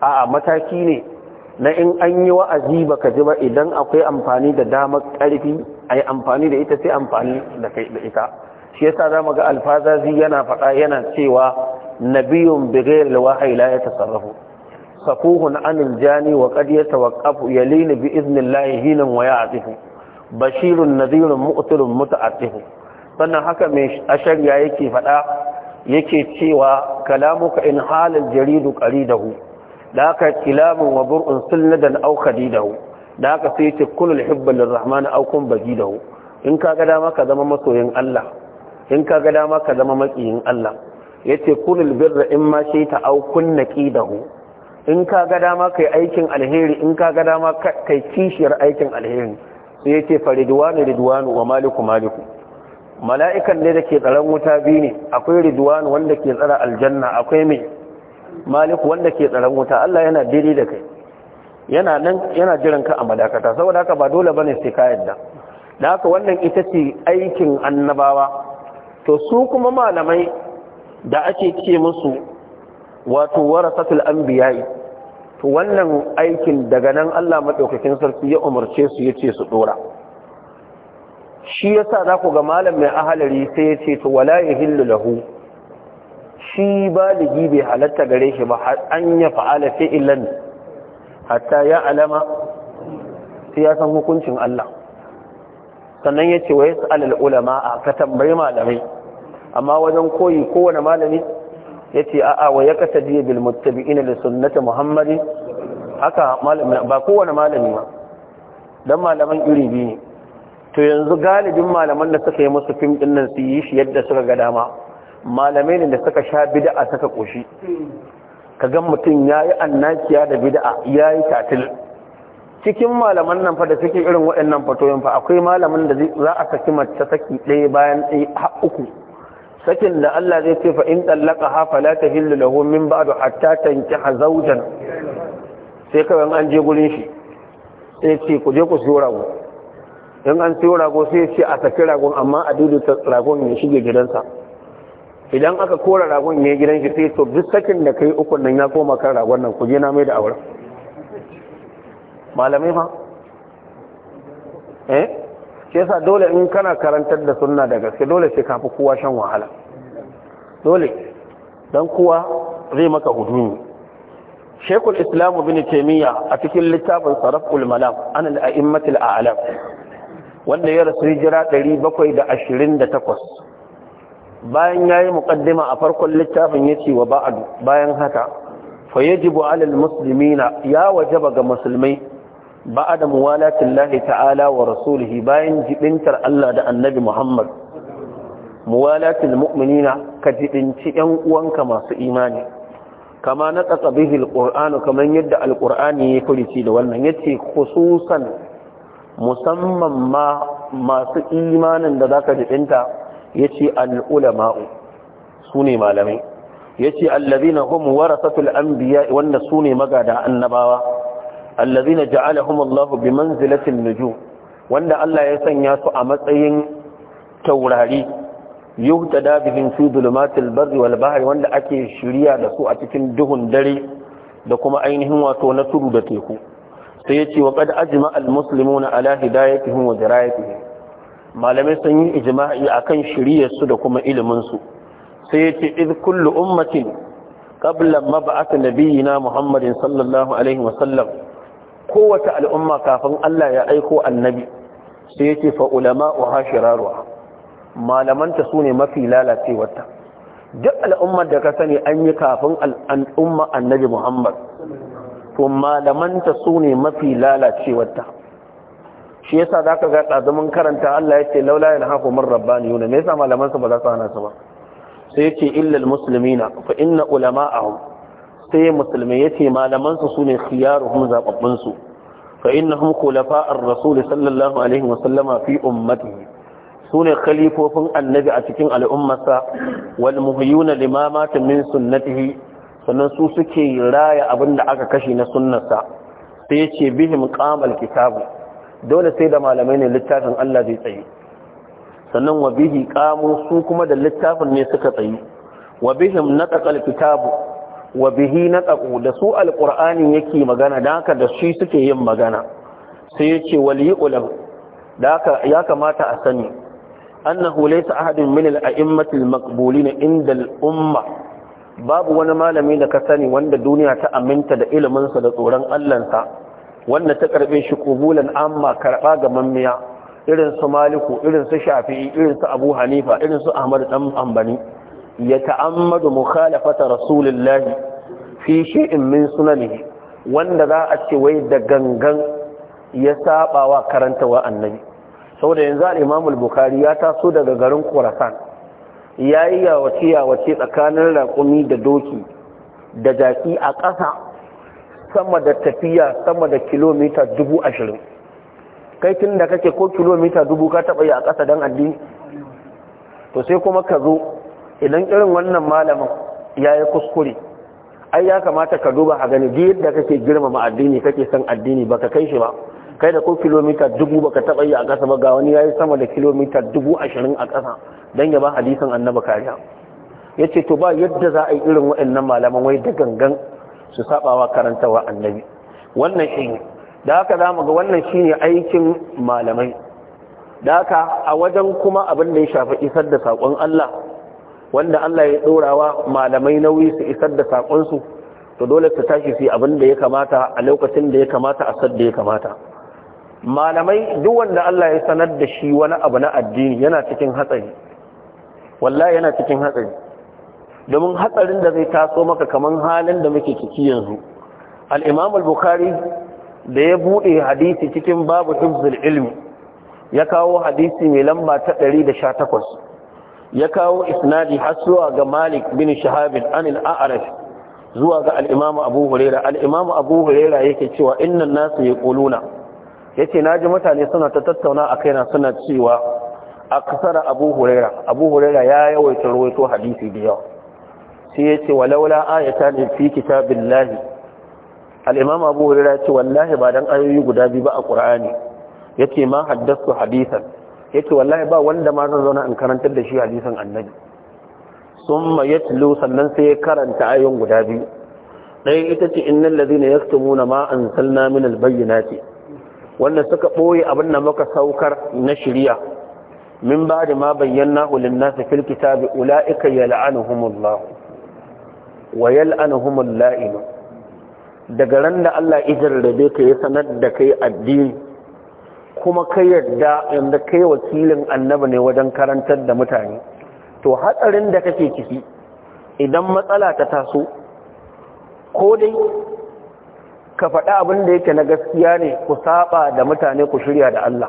a'a mataki ne na in an yi wa'azi baka ji ba idan akwai amfani da damar karfi ai amfani da ita sai amfani da kai da ita shi yasa zamu ga alfazazi yana faɗa yana cewa nabiyun bighayr alwahyi la yatasarrafu sakuhun anil jani wa qad yatawaqqafu yalin bi idnillahi hinan wa ya'tifu bashirun nadhirun mu'tilun muta'attifu sannan haka mai asharya yake faɗa yake cewa kalamuka in halal jaridu qaridahu da ka kilabun wa bur'un sulladan aw khadidahu da ka sai ce kullu hibban rahman aw kun bajidahu in ga dama ka zama masoyin Allah in ka ga dama ka zama makiyin Allah yace kunul birra in ma shi ta au da hu in ka ga dama kai aikin alheri in ka ga dama kai kishiyar aikin alheri sai yace faridwanu ridwanu wa maliku maliku mala'ikan ne da ke tsaron wuta biyu ne akwai ridwanu wanda ke tsara aljanna akwai mai maliku wanda ke tsaron wuta Allah yana daidai da kai yana nan yana jiran ka a madakata saboda haka ba dole bane sai ka yadda da haka wannan ita ce aikin annabawa to su kuma malamai da ake ce musu wato warasatul anbiya'i to wannan aikin daga nan Allah madaukakin sarki ya umarce su yace su dora shi yasa za ku ga malam mai ahalari sai yace to wala yahillu lahu shi baligi bai halatta gare shi ba an ya fa'ala fi'ilan hatta ya alama sai ya hukuncin Allah sannan ya ce wa ya alal ulama a ka tambayi malamai amma wajen koyi kowane malami ya ce a'a wa ya kasa biya bil ina da sunnata muhammadi haka ba kowane malami ba Don malaman iri biyu ne to yanzu galibin malaman da suka yi musu fim din nan su yi shi yadda suka ga dama malamai ne da suka sha bid'a suka koshi ka ga mutum ya yi annakiya da bid'a yi tatil cikin malaman nan fa da suke irin waɗannan fatoyin fa akwai malamin da za a saki mace saki ɗaya bayan ɗaya uku sakin da Allah zai ce fa in tallaka ha fala tahillu lahu min ba'du hatta tankiha zawjan sai kawai an je gurin shi sai ce ku je ku siyo rago in an siyo rago sai ce a saki ragon amma a ta ragon ya shige gidansa idan aka kora ragon ya gidan shi sai to duk sakin da kai uku nan ya koma kan ragon nan ku je na mai da auren malamai ma eh ke sa dole in kana karantar da sunna da gaske dole sai kafi kowa shan wahala dole dan kowa zai maka hudumi shekul islamu bin taimiyya a cikin littafin saraful malam an al'a'immatul a'alam wanda ya rasu jira 728 bayan ya yi muƙaddima a farkon littafin ya wa ba'adu bayan haka fa yajibu alal Musulmina ya wajaba ga musulmai da muwalatin lahi ta'ala wa rasulihi bayan jibintar Allah da annabi Muhammad muwalatil mu'minina ka jibinci yan uwanka masu imani kama na bihi alqur'anu kamar yadda alqur'ani ya furici da wannan ce khususan musamman ma masu imanin da zaka jibinta yace al su ne malamai yace allazina hum warasatul anbiya wanda sune magada annabawa allazina ja'alahum Allah bi manzilatin nujum wanda Allah ya sanya su a matsayin taurari yuhtada bihim fi dhulumatil barri wal bahri wanda ake shiriya da su a cikin duhun dare da kuma ainihin wato na tudu da teku sai yace wa qad ajma al muslimuna ala hidayatihim wa dirayatihim malamai sun yi ijma'i akan shiriyar su da kuma ilimin su sai yace id kullu ummatin qabla mab'ath nabiyina muhammadin sallallahu alaihi wa sallam kowace al'umma kafin Allah ya aiko annabi sai yake fa'ulama wa hashirarwa malamanta su ne mafi lalacewarta duk al'ummar da ka sani an yi kafin al'umma annabi muhammad to malamanta su ne mafi lalacewarta shi yasa za ka ga ɗazumin karanta Allah ya ce laula yana haku min rabbani yuna me yasa malamansa ba za su hana su ba sai ya ce illal muslimina fa inna ulama'ahum sai musulmai yace malamansu su sune khiyaruhum zababbun su fa innahum khulafa'ar rasuli, sallallahu alaihi wa sallama fi Su ne khalifofin annabi a cikin al'ummarsa wal muhyuna lima mata min sunnatihi sannan su suke raya abinda aka kashe na sunnarsa sai ce bihim qamal kitabu dole sai da malamai ne littafin Allah zai tsaye sannan wa bihi qamu su kuma da littafin ne suka tsaye wa bihim nataqal kitabu wa bihi na tsaku da su alƙur'anin yake magana da haka da shi suke yin magana sai ya ce waliyi ulam da ya kamata a sani annahu laysa ahadun min al-a'immati al-maqbulin inda al-umma babu wani malami da ka sani wanda duniya ta aminta da iliminsa da tsoron Allahnsa wanda ta karbe shi kubulan amma karɓa ga mammiya irin su maliku irin su shafi'i irin su abu hanifa irin su ahmad dan ambani Ya yata'ammadu mukhalafata rasulillahi fi in min sunanihi wanda za a ce wai da gangan ya saba wa karantawa annabi saboda yanzu al-Imam bukhari ya taso daga garin Khurasan yayi yawace yawace tsakanin raƙumi da doki da jaki a ƙasa sama da tafiya sama da kilomita dubu ashirin kai tun da kake ko kilomita dubu ka taɓa yi a ƙasa don addini to sai kuma ka zo idan irin wannan malamin ya yi kuskure ai ya kamata ka duba a gani duk yadda kake girmama addini kake son addini baka kai shi ba kai da ko kilomita dubu baka taba yi a ƙasa ba ga wani ya yi sama da kilomita dubu ashirin a ƙasa don ya ba hadisin annaba kariya ya ce to ba yadda za a yi irin waɗannan malaman wai da gangan su sabawa karantawa annabi wannan shi ne da haka za mu ga wannan shi ne aikin malamai da haka a wajen kuma abin da ya shafi isar da saƙon Allah wanda Allah ya ɗorawa malamai nauyi su isar da saƙonsu to dole su tashi su abin da ya kamata a lokacin da ya kamata a sadda ya kamata malamai duk wanda Allah ya sanar da shi wani abu na addini yana cikin hatsari wallahi yana cikin hatsari domin hatsarin da zai taso maka kaman halin da muke ciki yanzu al-Imam al-Bukhari da ya bude hadisi cikin babu hifzul ilmi ya kawo hadisi mai lamba ta 118 ya kawo isnadi har zuwa ga malik bin shahabin an A'arash, zuwa ga al'imamu abu hurera al'imamu abu hurera yake cewa innan nasu ya ƙuluna ya ce na ji mutane suna ta tattauna a kaina suna cewa a kasara abu hurera abu hurera ya yawaita rawaito hadisi da yawa sai ya ce walaula ne fi kitabin lahi al'imamu abu hurera ce wallahi ba dan ayoyi guda biyu ba a ƙur'ani ya ce ma haddasa hadisan ya ce wallahi ba wanda ma zan zauna in karantar da shi hadisin annabi sun ma ya tilo sannan sai ya karanta ayon guda biyu ɗaya ita ce innan lazina ya tumu muna, ma an salna min albayyana ce wanda suka ɓoye abin da muka saukar na shirya min ba da ma bayyana ulin nasu fil kitabi ula'ika yal'anuhumullahu wa yal'anuhumul daga ran da Allah rarrabe ka ya sanar da kai addini kuma ka yarda yadda ka yi wakilin annaba ne wajen karantar da mutane to hatsarin da kake ciki idan matsala ta taso ko dai ka faɗa abin da yake na gaskiya ne ku saba da mutane ku shirya da Allah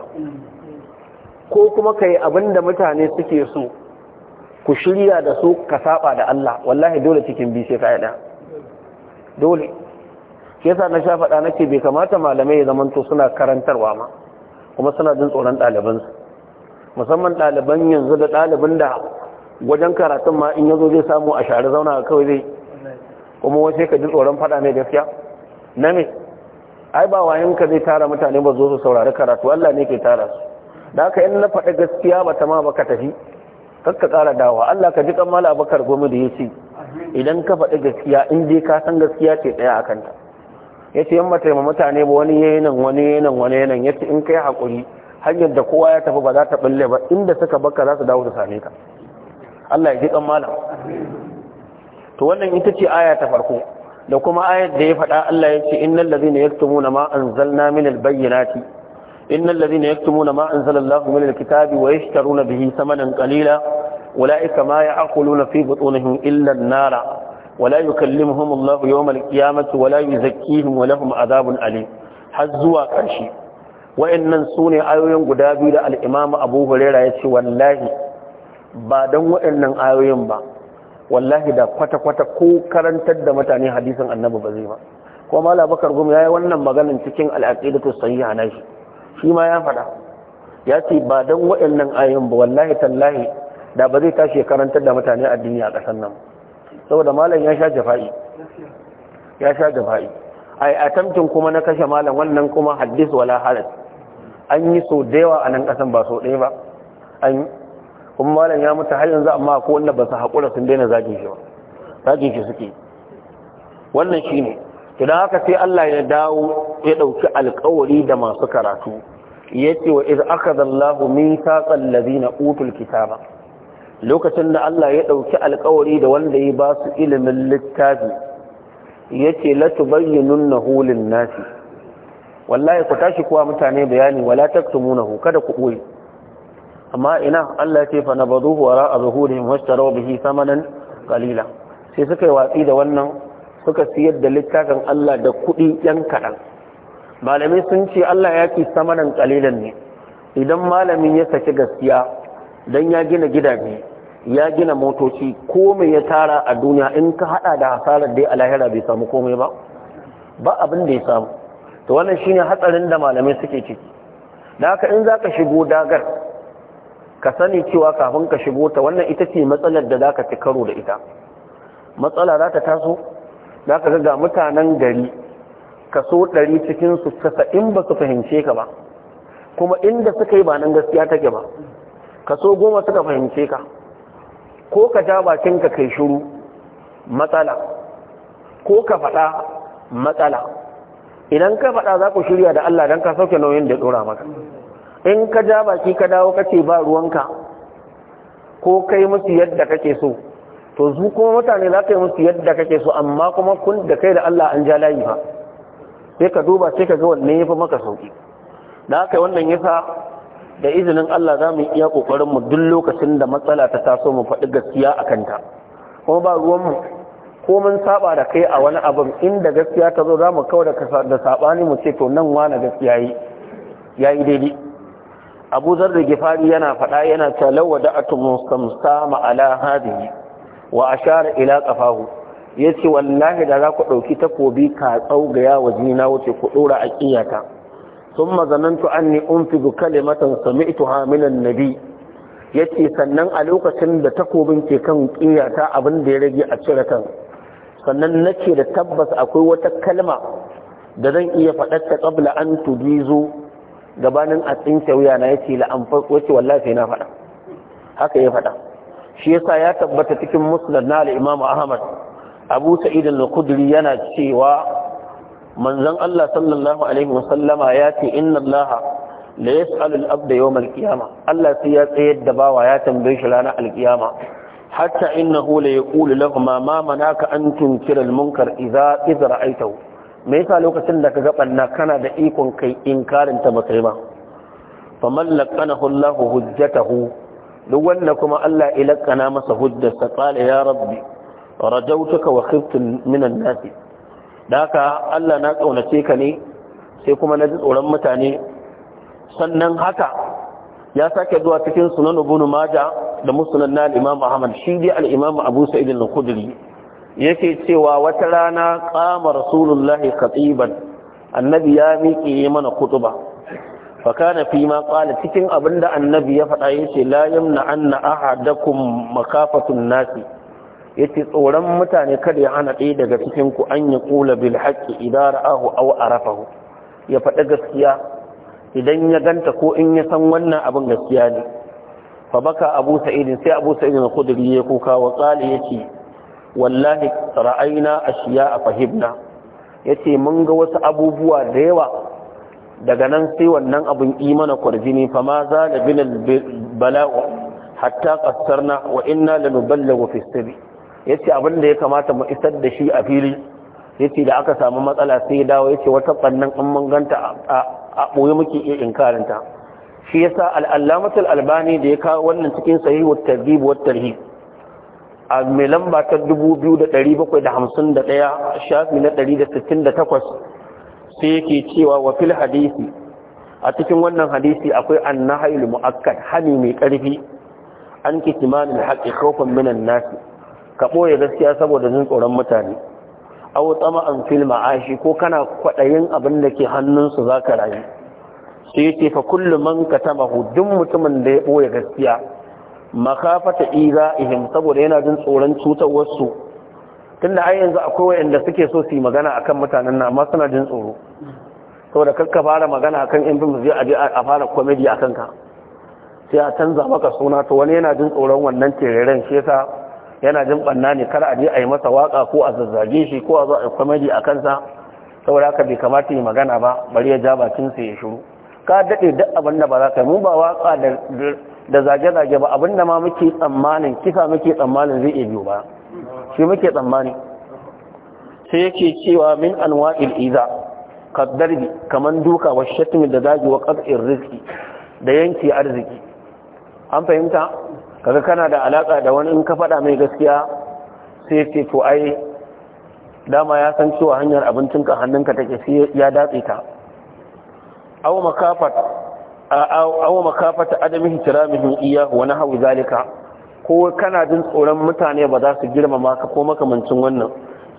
ko kuma ka yi abin da mutane suke so ku shirya da su ka saba da Allah wallahi dole cikin bi sai fa'ida dole ke sa na sha faɗa nake bai kamata malamai ya zamanto suna karantarwa ma kuma suna jin tsoron ɗalibansu musamman ɗaliban yanzu da ɗalibin da wajen karatun ma in zo zai samu a share zauna kawai zai kuma wace ka ji tsoron faɗa mai gaskiya na me ai ba wayan ka zai tara mutane ba zo su saurari karatu Allah ne ke tara su da haka in na faɗa gaskiya ba ta ma ba ka tafi kakka ƙara dawa Allah ka ji kammala bakar gomi da ya ce idan ka faɗi gaskiya in dai ka gaskiya ce ɗaya a kanta ya ce yan mata mutane ba wani yayi nan wani yayi nan wani yayi nan ya ce in kai haƙuri hanyar da kowa ya tafi ba za ta ɓalle ba inda suka baka za su dawo su same ka Allah ya ji kan malam to wannan ita ce aya ta farko da kuma ayar da ya faɗa Allah ya ce innal ladhina yaktumuna ma anzalna minal bayyinati innal ladhina yaktumuna ma anzalallahu minal kitabi wa yashtaruna bihi thamanan qalila ulaika ma ya'kuluna fi butunihim illa an-nara wala yukallimuhum Allah yawmal qiyamati wala yuzakkihim wa lahum adhabun alim har zuwa ƙarshe wayannan sune ayoyin guda biyu da al'imama imam Abu Hurairah yace wallahi ba dan wayannan ayoyin ba wallahi da kwata ko karantar da mutane hadisin Annabi ba zai Malam Bakar Gumi yayi wannan maganan cikin al-Aqidatu Sahiha nashi shi ma ya faɗa ya ce ba dan wayannan ayoyin ba wallahi tallahi da ba zai tashi karantar da mutane addini a ƙasar nan saboda malam ya sha jafa'i ya sha jafa'i ai attempting kuma na kashe malam wannan kuma haddis wala haraj an yi so da yawa a nan kasan ba so ɗaya ba an kuma malam ya mutu har yanzu amma ko wanda ba su haƙura sun daina zagin shi ba zagin shi suke wannan shine to dan haka sai Allah ya dawo ya dauki alƙawari da masu karatu yace wa iz akhadha Allahu mithaqal ladina utul kitaba lokacin da Allah ya ɗauki alkawari da wanda ya ba su ilimin littafi ya ce latu bayyanun na hulin nasi wallahi ku tashi kuwa mutane bayani wala taktumunahu kada ku ɓoye amma ina Allah ce fa nabaduhu ra a zuhurihim washtaraw bihi samanan qalila sai suka yi watsi da wannan suka siyar da littafin Allah da kuɗi yan kaɗan malamai sun ce Allah ya ce samanan qalilan ne idan malamin ya saki gaskiya Don ya gina gidaje ya gina motoci komai ya tara a duniya in ka hada da hasarar dai a lahira bai samu komai ba ba abin da ya samu to wannan shine hatsarin da malamai suke ciki da haka in za ka shigo dagar ka sani cewa kafin ka shigo ta wannan ita ce matsalar da za ka ci karo da ita matsala za ta taso za ka ga mutanen gari kaso dari cikinsu, su casa'in ba su fahimce ka ba kuma inda suka yi ba nan gaskiya take ba Ka so goma suka fahimce ka ko ka ja bakinka kai shiru matsala ko ka faɗa matsala idan ka faɗa za ku shirya da Allah don ka sauke nauyin da tsora maka in ka ja baki ka dawo ka ce ba ruwanka ko kai musu yadda kake so to zu kuma mutane za ka yi musu yadda kake so amma kuma kun da kai da Allah an ja layi ba sai ka duba sai ka ga wanne ya fi maka sauki da haka wannan yasa da izinin Allah za mu iya ƙoƙarinmu mu duk lokacin da matsala ta taso mu faɗi gaskiya a kanta kuma ba ruwan ko mun saba da kai a wani abin inda gaskiya ta zo za mu kawo da saɓani mu ce to nan wani gaskiya yi ya yi daidai abu zar da gifari yana faɗa yana cewa lawa da atumun samsama ala hadihi wa ashara ila kafahu yace wallahi da za ku ɗauki takobi ka tsau ga yawo jina wuce ku ɗora a ƙiyata thumma zanantu anni unfidu kalimatan sami'tuha min an-nabi yace sannan a lokacin da takobin ke kan kiyata abin da ya rage a cire kan sannan nake da tabbas akwai wata kalma da zan iya faɗar ta qabla an tudizu gabanin a tsinke wuya na yace la an wace wallahi na faɗa haka ya faɗa shi yasa ya tabbata cikin musnad na al ahmad abu sa'id al-khudri yana cewa manzon Allah sallallahu alaihi wasallama ya ce inna Allah la yas'alu al-abd yawm al Allah sai ya tsayar da bawa ya tambaye shi ranar al-qiyama hatta innahu la yaqulu lahum ma manaka an tunkira al-munkar idza idza ra'aytahu me yasa lokacin da kaga banna kana da ikon kai inkarin ta baka ba faman laqanahu Allah hujjatahu duk wanda kuma Allah ilaqana masa hujjarsa qala ya rabbi rajawtuka wa khiftu min an-nasi da Allah na tsaunace ka ne sai kuma na ji tsoron mutane sannan haka ya sake zuwa cikin sunan ibn maja da musnad na imam ahmad shi dai al-imam abu sa'id al-khudri yake cewa wata rana kama rasulullahi katsiban annabi ya miƙe mana kutuba fa kana fi ma qala cikin abinda annabi ya faɗa yace la yamna anna ahadakum makafatun nasi yace tsoron mutane kada ya hana ɗaya daga cikin ku an kula bil haqqi idan ra'ahu aw arafahu ya faɗi gaskiya idan ya ganta ko in ya san wannan abin gaskiya ne fa baka abu sa'id sai abu sa'id na khudri ya kuka wa qala yace wallahi ra'ayna ashiya fahimna yace mun ga wasu abubuwa da yawa daga nan sai wannan abin imana kwarjini fa ma zalabil bala'u hatta qassarna wa inna lanuballighu fi sirri ya ce abin da ya kamata mu isar da shi a fili ya ce da aka samu matsala sai ya dawo ya ce wata ɓannan an manganta a ɓoye muke iya inkarinta shi ya sa al'allamatul albani da ya kawo wannan cikin sahihu targhib wa tarhib a mai lamba ta 2751 shafi na 168 sai yake cewa wa fil hadisi a cikin wannan hadisi akwai annahayul mu'akkad hani mai ƙarfi an kitimanin haqqi khawfan minan nasi ka ɓoye gaskiya saboda jin tsoron mutane aw tsama'an fil ma'ashi ko kana kwaɗayin abin da ke hannunsu za ka rayu sai ce fa kullu man katamahu duk mutumin da ya ɓoye gaskiya makafata ihim saboda yana jin tsoron cutarwarsu tunda ai yanzu akwai wayanda suke so su yi magana akan mutanen nan amma suna jin tsoro saboda kakka fara magana akan in bin zai aje a fara komedi akan ka sai a canza maka suna to wani yana jin tsoron wannan tereren shi yasa yana jin banna ne kar a je a yi masa waka ko a zazzage shi ko a zo a kwamadi a kansa saboda haka bai kamata yi magana ba bari ya ja bakin sa ya shiru ka dade duk abin da ba za ka yi mu ba waka da zage-zage ba abin da ma muke tsammanin kisa muke tsammanin zai iya biyo ba shi muke tsammani sai yake cewa min anwa'il iza bi kaman duka wa shatmi da zagi wa qad'ir rizqi da yanki arziki an fahimta kaga kana da alaka da wani in ka faɗa mai gaskiya sai ce to ai dama ya san cewa hanyar abincinka hannunka take sai ya datse ta aw makafat aw makafat adami ihtiramihi iyyahu wa nahwi zalika ko kana jin tsoron mutane ba za su girmama ka ko makamancin wannan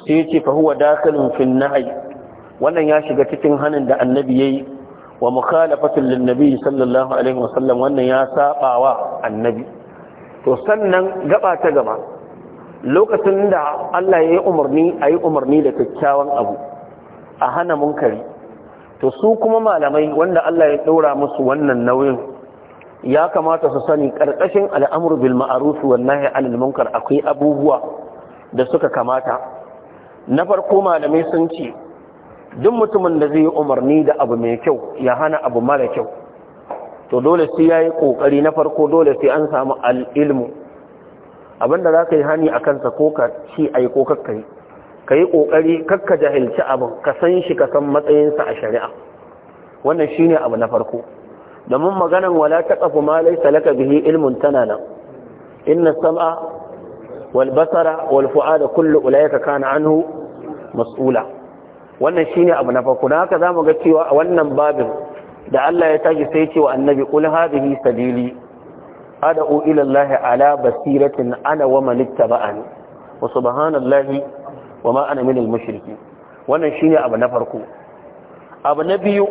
sai ce fa huwa dakhilun fil nahy wannan ya shiga cikin hanin da annabi yayi wa mukhalafatul linnabi sallallahu alaihi wasallam wannan ya sabawa annabi to sannan gaba ta gaba lokacin da Allah ya yi umarni a yi umarni da kyakkyawan abu a hana munkari to su kuma malamai wanda Allah ya ɗora musu wannan nauyin ya kamata su sani ƙarƙashin al'amur bil ma'aruf wannan nahi anil munkar akwai abubuwa da suka kamata na farko malamai sun ce duk mutumin da zai yi umarni da abu mai kyau ya hana abu mara kyau to dole sai yayi kokari na farko dole sai an samu al-ilmu abinda zaka yi hani akan sa ko ka ci ai ko kakkai kai kokari kakka jahilci abin ka san shi ka san matsayin sa a shari'a wannan shine abu na farko domin maganan wala taqafu ma laysa laka bihi ilmun tana nan inna sam'a wal basara wal fu'ada kullu ulaika kana anhu mas'ula wannan shine abu na farko haka zamu ga cewa a wannan babin da Allah ya tashi sai ce wa annabi qul hadhihi sabili ad'u ila Allah ala basiratin ana wa man ittaba'ani wa subhanallahi wa ma ana minal mushriki wannan shine abu na farko abu na biyu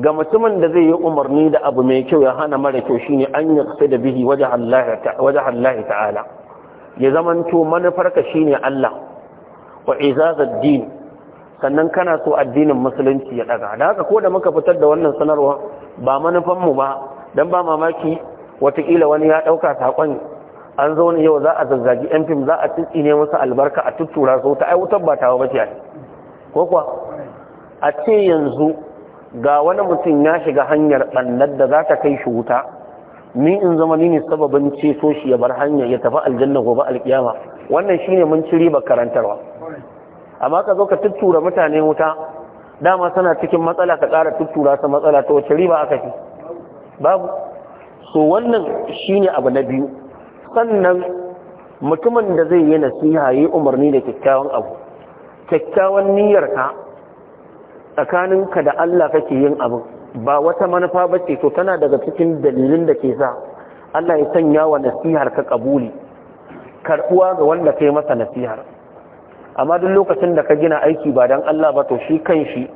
ga mutumin da zai yi umarni da abu mai kyau ya hana mara kyau shine an yaqsa da bihi wajen Allah ta'ala ya zamanto manufarka shine Allah wa izazad din sannan kana so addinin musulunci ya daga da haka ko da muka fitar da wannan sanarwa ba manufanmu ba don ba mamaki watakila wani ya ɗauka saƙon an zo ne yau za a zazzagi yan fim za a ne musu albarka a tuttura so ta aiwutar ba tawa bace ko kuwa a ce yanzu ga wani mutum ya shiga hanyar ɓannar da za ta kai shi wuta ni in zama ni ne sababin ceto shi ya bar hanya ya tafi aljanna gobe alkiyama wannan shine mun ci riba karantarwa amma ka zo ka tuttura mutane wuta dama suna cikin matsala ka ƙara tuttura su matsala ta wace riba aka fi babu so wannan shine abu na biyu sannan mutumin da zai yi nasiha yi umarni da kyakkyawan abu kyakkyawan niyyarka ka da Allah kake yin abu ba wata manufa ba ce to tana daga cikin dalilin da ke sa Allah ya sanya wa nasihar ka kabuli karbuwa ga wanda kai masa nasihar amma duk lokacin da ka gina aiki ba don Allah ba to shi kan shi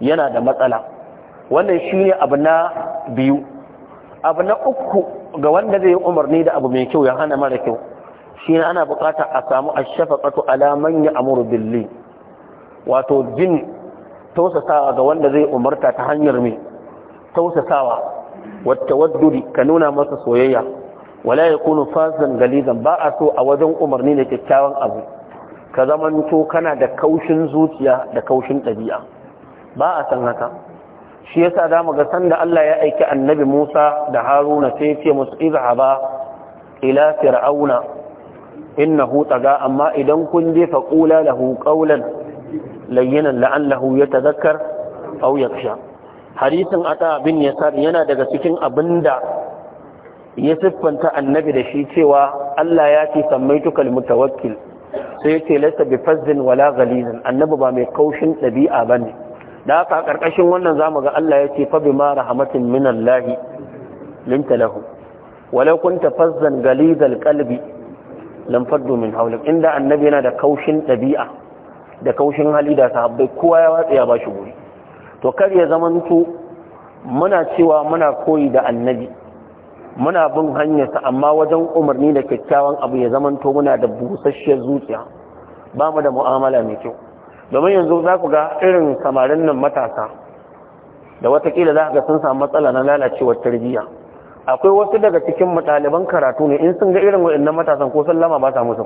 yana da matsala wannan shi ne abu na biyu abu na uku ga wanda zai yi umarni da abu mai kyau ya hana mara kyau shi ne ana bukata a samu a shafaƙatu alaman ya amuru billi wato jin tausasawa ga wanda zai umarta ta hanyar mai tausasawa wata wadduri ka nuna masa soyayya wala ya kunu fasan galizan ba a so a wajen umarni da kyakkyawan abu ka zamanto kana da kaushin zuciya da kaushin ɗabi'a ba a san haka shi yasa za mu ga sanda Allah ya aiki annabi Musa da Haruna sai ce musu izhaba ila fir'auna innahu taga amma idan kun je fa qula lahu qawlan layyinan la'allahu yatadhakkar aw yakhsha hadisin ata bin yasar yana daga cikin abinda ya siffanta annabi da shi cewa Allah ya ce sammaituka al-mutawakkil sai yake lasta bi fazzin wala ghalizin annabi ba mai kaushin dabi'a bane da haka karkashin wannan zamu ga Allah yace fa bima rahmatin min Allah linta lahu walau kunta fazzan ghalizal qalbi lam faddu min hawlik inda annabi yana da kaushin dabi'a da kaushin hali da sahabbai kowa ya watsa ya bashi guri to kar ya zamanto muna cewa muna koyi da annabi muna bin hanyarsa amma wajen umarni da kyakkyawan abu ya zamanto muna da busasshiyar zuciya ba mu da mu'amala mai kyau domin yanzu za ku ga irin samarin nan matasa da watakila za ga sun samu matsala na lalacewar tarbiyya akwai wasu daga cikin ɗaliban karatu ne in sun ga irin waɗannan matasan ko sallama ba ta musu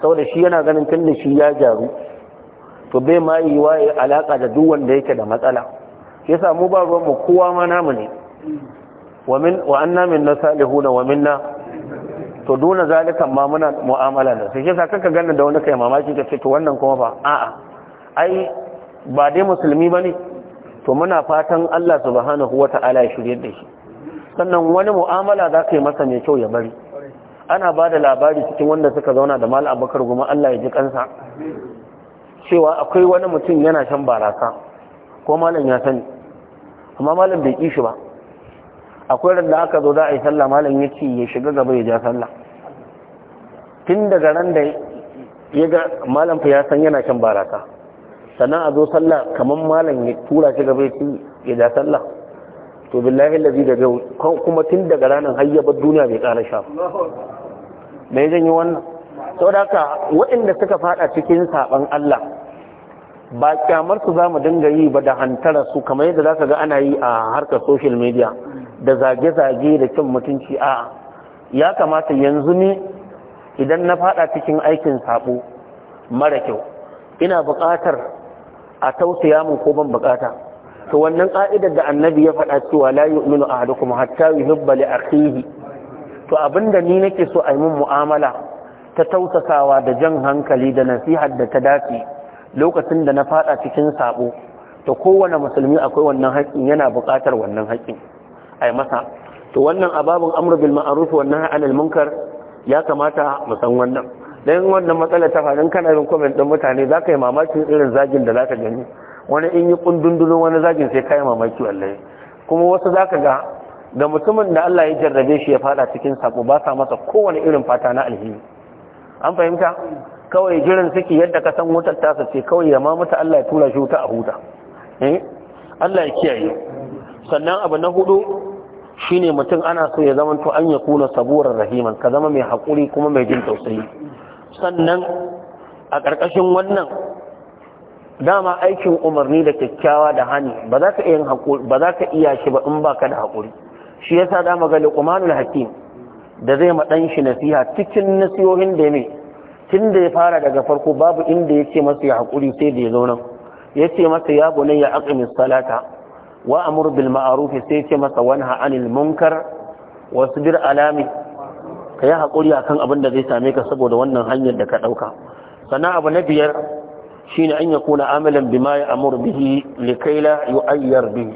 saboda shi yana ganin tun da shi ya jaru to bai ma yi wa alaƙa da duk wanda yake da matsala shi yasa mu ba ruwan mu kowa ma namu ne ومن na wa min na? to duna zalikan ma muna mu'amala da sai yasa kanka ganna da wani kai mamaki ka ce to wannan kuma fa a'a ai ba dai musulmi bane to muna fatan Allah subhanahu wata'ala ya shirye da shi sannan wani mu'amala za ka yi masa mai kyau ya bari ana ba da labari cikin wanda suka zauna da mal abakar goma Allah ya ji kansa cewa akwai wani mutum yana shan barasa ko malam ya sani amma malam bai kishi ba akwai da aka zo za a yi sallah malam ya ce ya shiga gaba ya ja sallah tun daga ran da ya ga malam fa ya san yana kan baraka sannan a zo sallah kamar malam ya tura shi gaba ya ce ya ja sallah to billahi lazi da gau kuma tun daga ranar hayyabar duniya bai kara sha me zan yi wannan da haka waɗanda suka fada cikin saɓan Allah ba kyamar su zamu dinga yi ba da hantara su kamar yadda za ka ga ana yi a harkar social media da zage-zage da cin mutunci a ya kamata yanzu ne idan na fada cikin aikin sabo mara kyau ina bukatar a tausaya mun ko ban bukata to wannan ka'idar da annabi ya faɗa cewa la yu'minu ahadukum hatta yuhibba li akhihi to abinda ni nake so a yi mun mu'amala ta tausasawa da jan hankali da nasihar da ta dace lokacin da na fada cikin sabo to kowane musulmi akwai wannan haƙƙin yana buƙatar wannan haƙƙin ai masa to wannan ababun amru bil ma'ruf wa nahy anil munkar ya kamata mu san wannan dan wannan matsalar ta faɗin kana yin comment din mutane zaka yi mamaki irin zagin da zaka gani wani in yi kundundunu wani zagin sai kai mamaki wallahi kuma wasu zaka ga da mutumin da Allah ya jarrabe shi ya fada cikin sako ba sa masa kowane irin fata na alheri an fahimta kawai jiran suke yadda ka san wutar tasa ce kawai ya ma mata Allah ya tura shi wuta a huta eh Allah ya kiyaye sannan abu na hudu shine mutum ana so ya zama to an ya kuna sabuwar rahiman ka zama mai haƙuri kuma mai jin tausayi sannan a ƙarƙashin wannan dama aikin umarni da kyakkyawa da hani ba za ka iya shi ba in ba ka da haƙuri shi yasa da ga luqmanul hakim da zai ma dan shi nasiha cikin nasihohin da ne tun ya fara daga farko babu inda ya ce masa ya haƙuri sai da ya zo nan ya ce masa ya bunayya aqimis salata wa amur bil ma'ruf sai ce masa wanha anil munkar wasbir alami kai hakuri akan abin da zai same ka saboda wannan hanyar da ka dauka Sana'a abu na biyar shine an yakuna amalan bima ya amur bihi likai la yu'ayyar bihi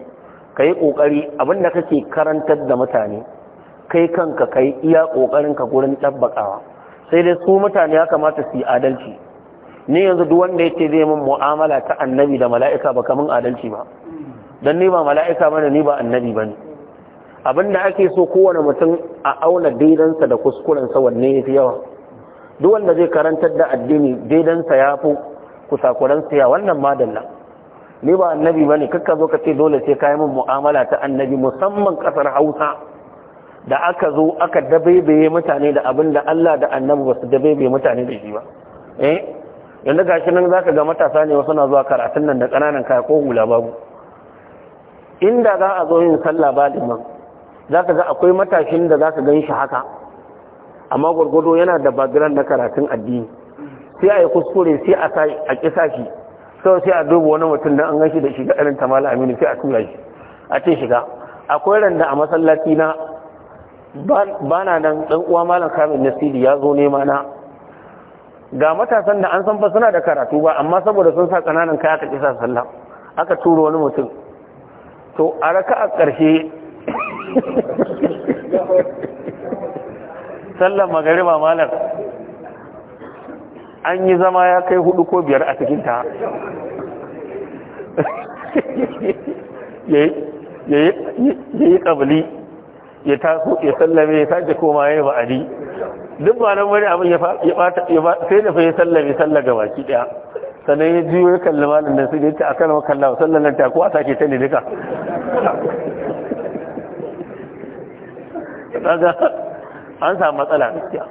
kai kokari abin da kake karantar da mutane kai kanka kai iya kokarin ka gurin tabbakawa sai dai su mutane ya kamata su yi adalci Ne yanzu duk wanda yake zai min mu'amala ta annabi da mala'ika ba kaman adalci ba dan ni ba mala'ika bane ni ba annabi bane abinda ake so kowane mutum a auna daidansa da kuskurensa wanne yafi yawa duk wanda zai karantar da addini daidansa ya fi kusakuransa ya wannan madalla ni ba annabi bane kakka zo ka ce dole sai ka yi min mu'amala ta annabi musamman kasar Hausa da aka zo aka dabaibaye mutane da abin Allah da annabi ba su dabaibaye mutane da shi ba eh yanzu gashi nan zaka ga matasa ne wasu na zuwa karatun nan da kananan kaya ko hula babu inda za a zo yin sallah ba liman za ka ga akwai matashin da za ka gan shi haka amma gwargwado yana da background na karatun addini sai a yi kuskure sai a kisa shi sai sai a duba wani mutum don an gan shi da shiga irin tamala aminu sai a tura shi a ce shiga akwai randa a masallaci na ba na nan dan uwa malam kamin nasiri ya zo nema na ga matasan da an san fa suna da karatu ba amma saboda sun sa kananan kaya aka kisa sallah aka turo wani mutum to a raka a ƙarshe sallar magariba malam an yi zama ya kai hudu ko biyar a cikinta ya yi ƙabili ya taso ya sallame ya sake koma ya yi ba'adi duk ba nan wani abin ya ba sai da fa ya sallame sallar gabaki ɗaya sannan ya jiyo ya kalli malin da su da yake a kan makalla sallan nan taku a sake ta ne duka an samu matsala gaskiya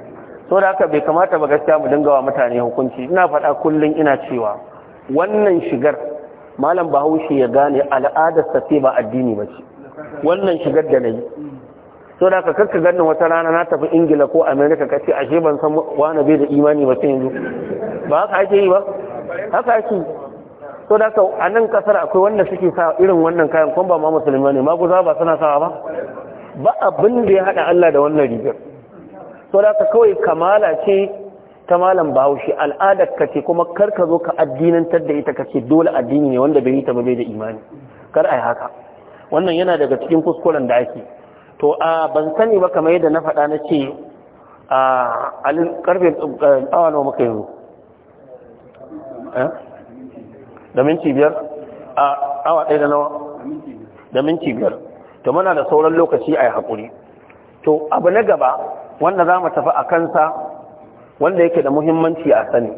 so da haka bai kamata ba gaskiya mu dinga wa mutane hukunci ina faɗa kullum ina cewa wannan shigar malam bahaushe ya gane al'adar sa ce ba addini ba ce wannan shigar da na yi so da haka kakka ganin wata rana na tafi ingila ko amerika ka ce ashe ban san wani bai da imani ba sai yanzu ba haka ake yi ba haka ake so da ka a nan kasar akwai wanda suke sa irin wannan kayan kuma ba ma musulmi ne ma guza ba suna sawa ba ba abin da ya haɗa Allah da wannan rigar so da ka kawai kamala ce ta malam bahaushe al'adar ka ce kuma kar ka zo ka addinantar da ita ka dole addini ne wanda bai yi ta bai da imani kar a yi haka wannan yana daga cikin kuskuren da ake to a ban sani ba kamar yadda na faɗa na ce a alin karfe awa nawa muka yanzu Eh? da minti biyar a awa ɗaya da nawa da minti biyar to muna da sauran lokaci a yi haƙuri to abu na gaba wanda za mu tafi a kansa wanda yake da muhimmanci a sani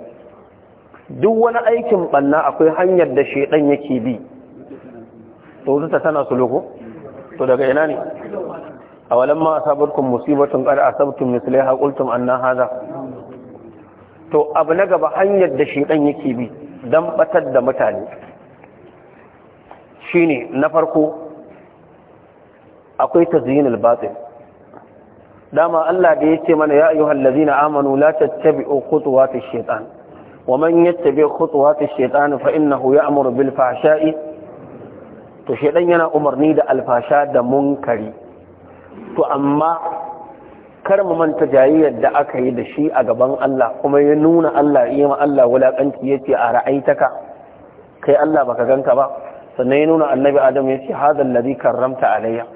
duk wani aikin ɓanna akwai hanyar da shaidan yake bi to zuta tana su loko to daga ina ne a walamma asabarkum musibatun qad asabtum haƙultun qultum anna haza. to abu na gaba hanyar da shedan yake bi dan batar da mutane shine na farko akwai tazyinul batsi. dama Allah da ya ce mana ya ayyuhal ladina amanu la tattabi'u khutuwatish shaitan waman yattabi' khutuwatish shaitan fa ya ya'muru bil fahsha'i to shedan yana umarni da alfasha da munkari to amma kar mu manta jayyar da aka yi da shi a gaban Allah kuma ya nuna Allah ya ma Allah wulakanci ce a ra'aitaka kai Allah baka ganka ba sannan ya nuna annabi Adam ce hadha alladhi karramta alayya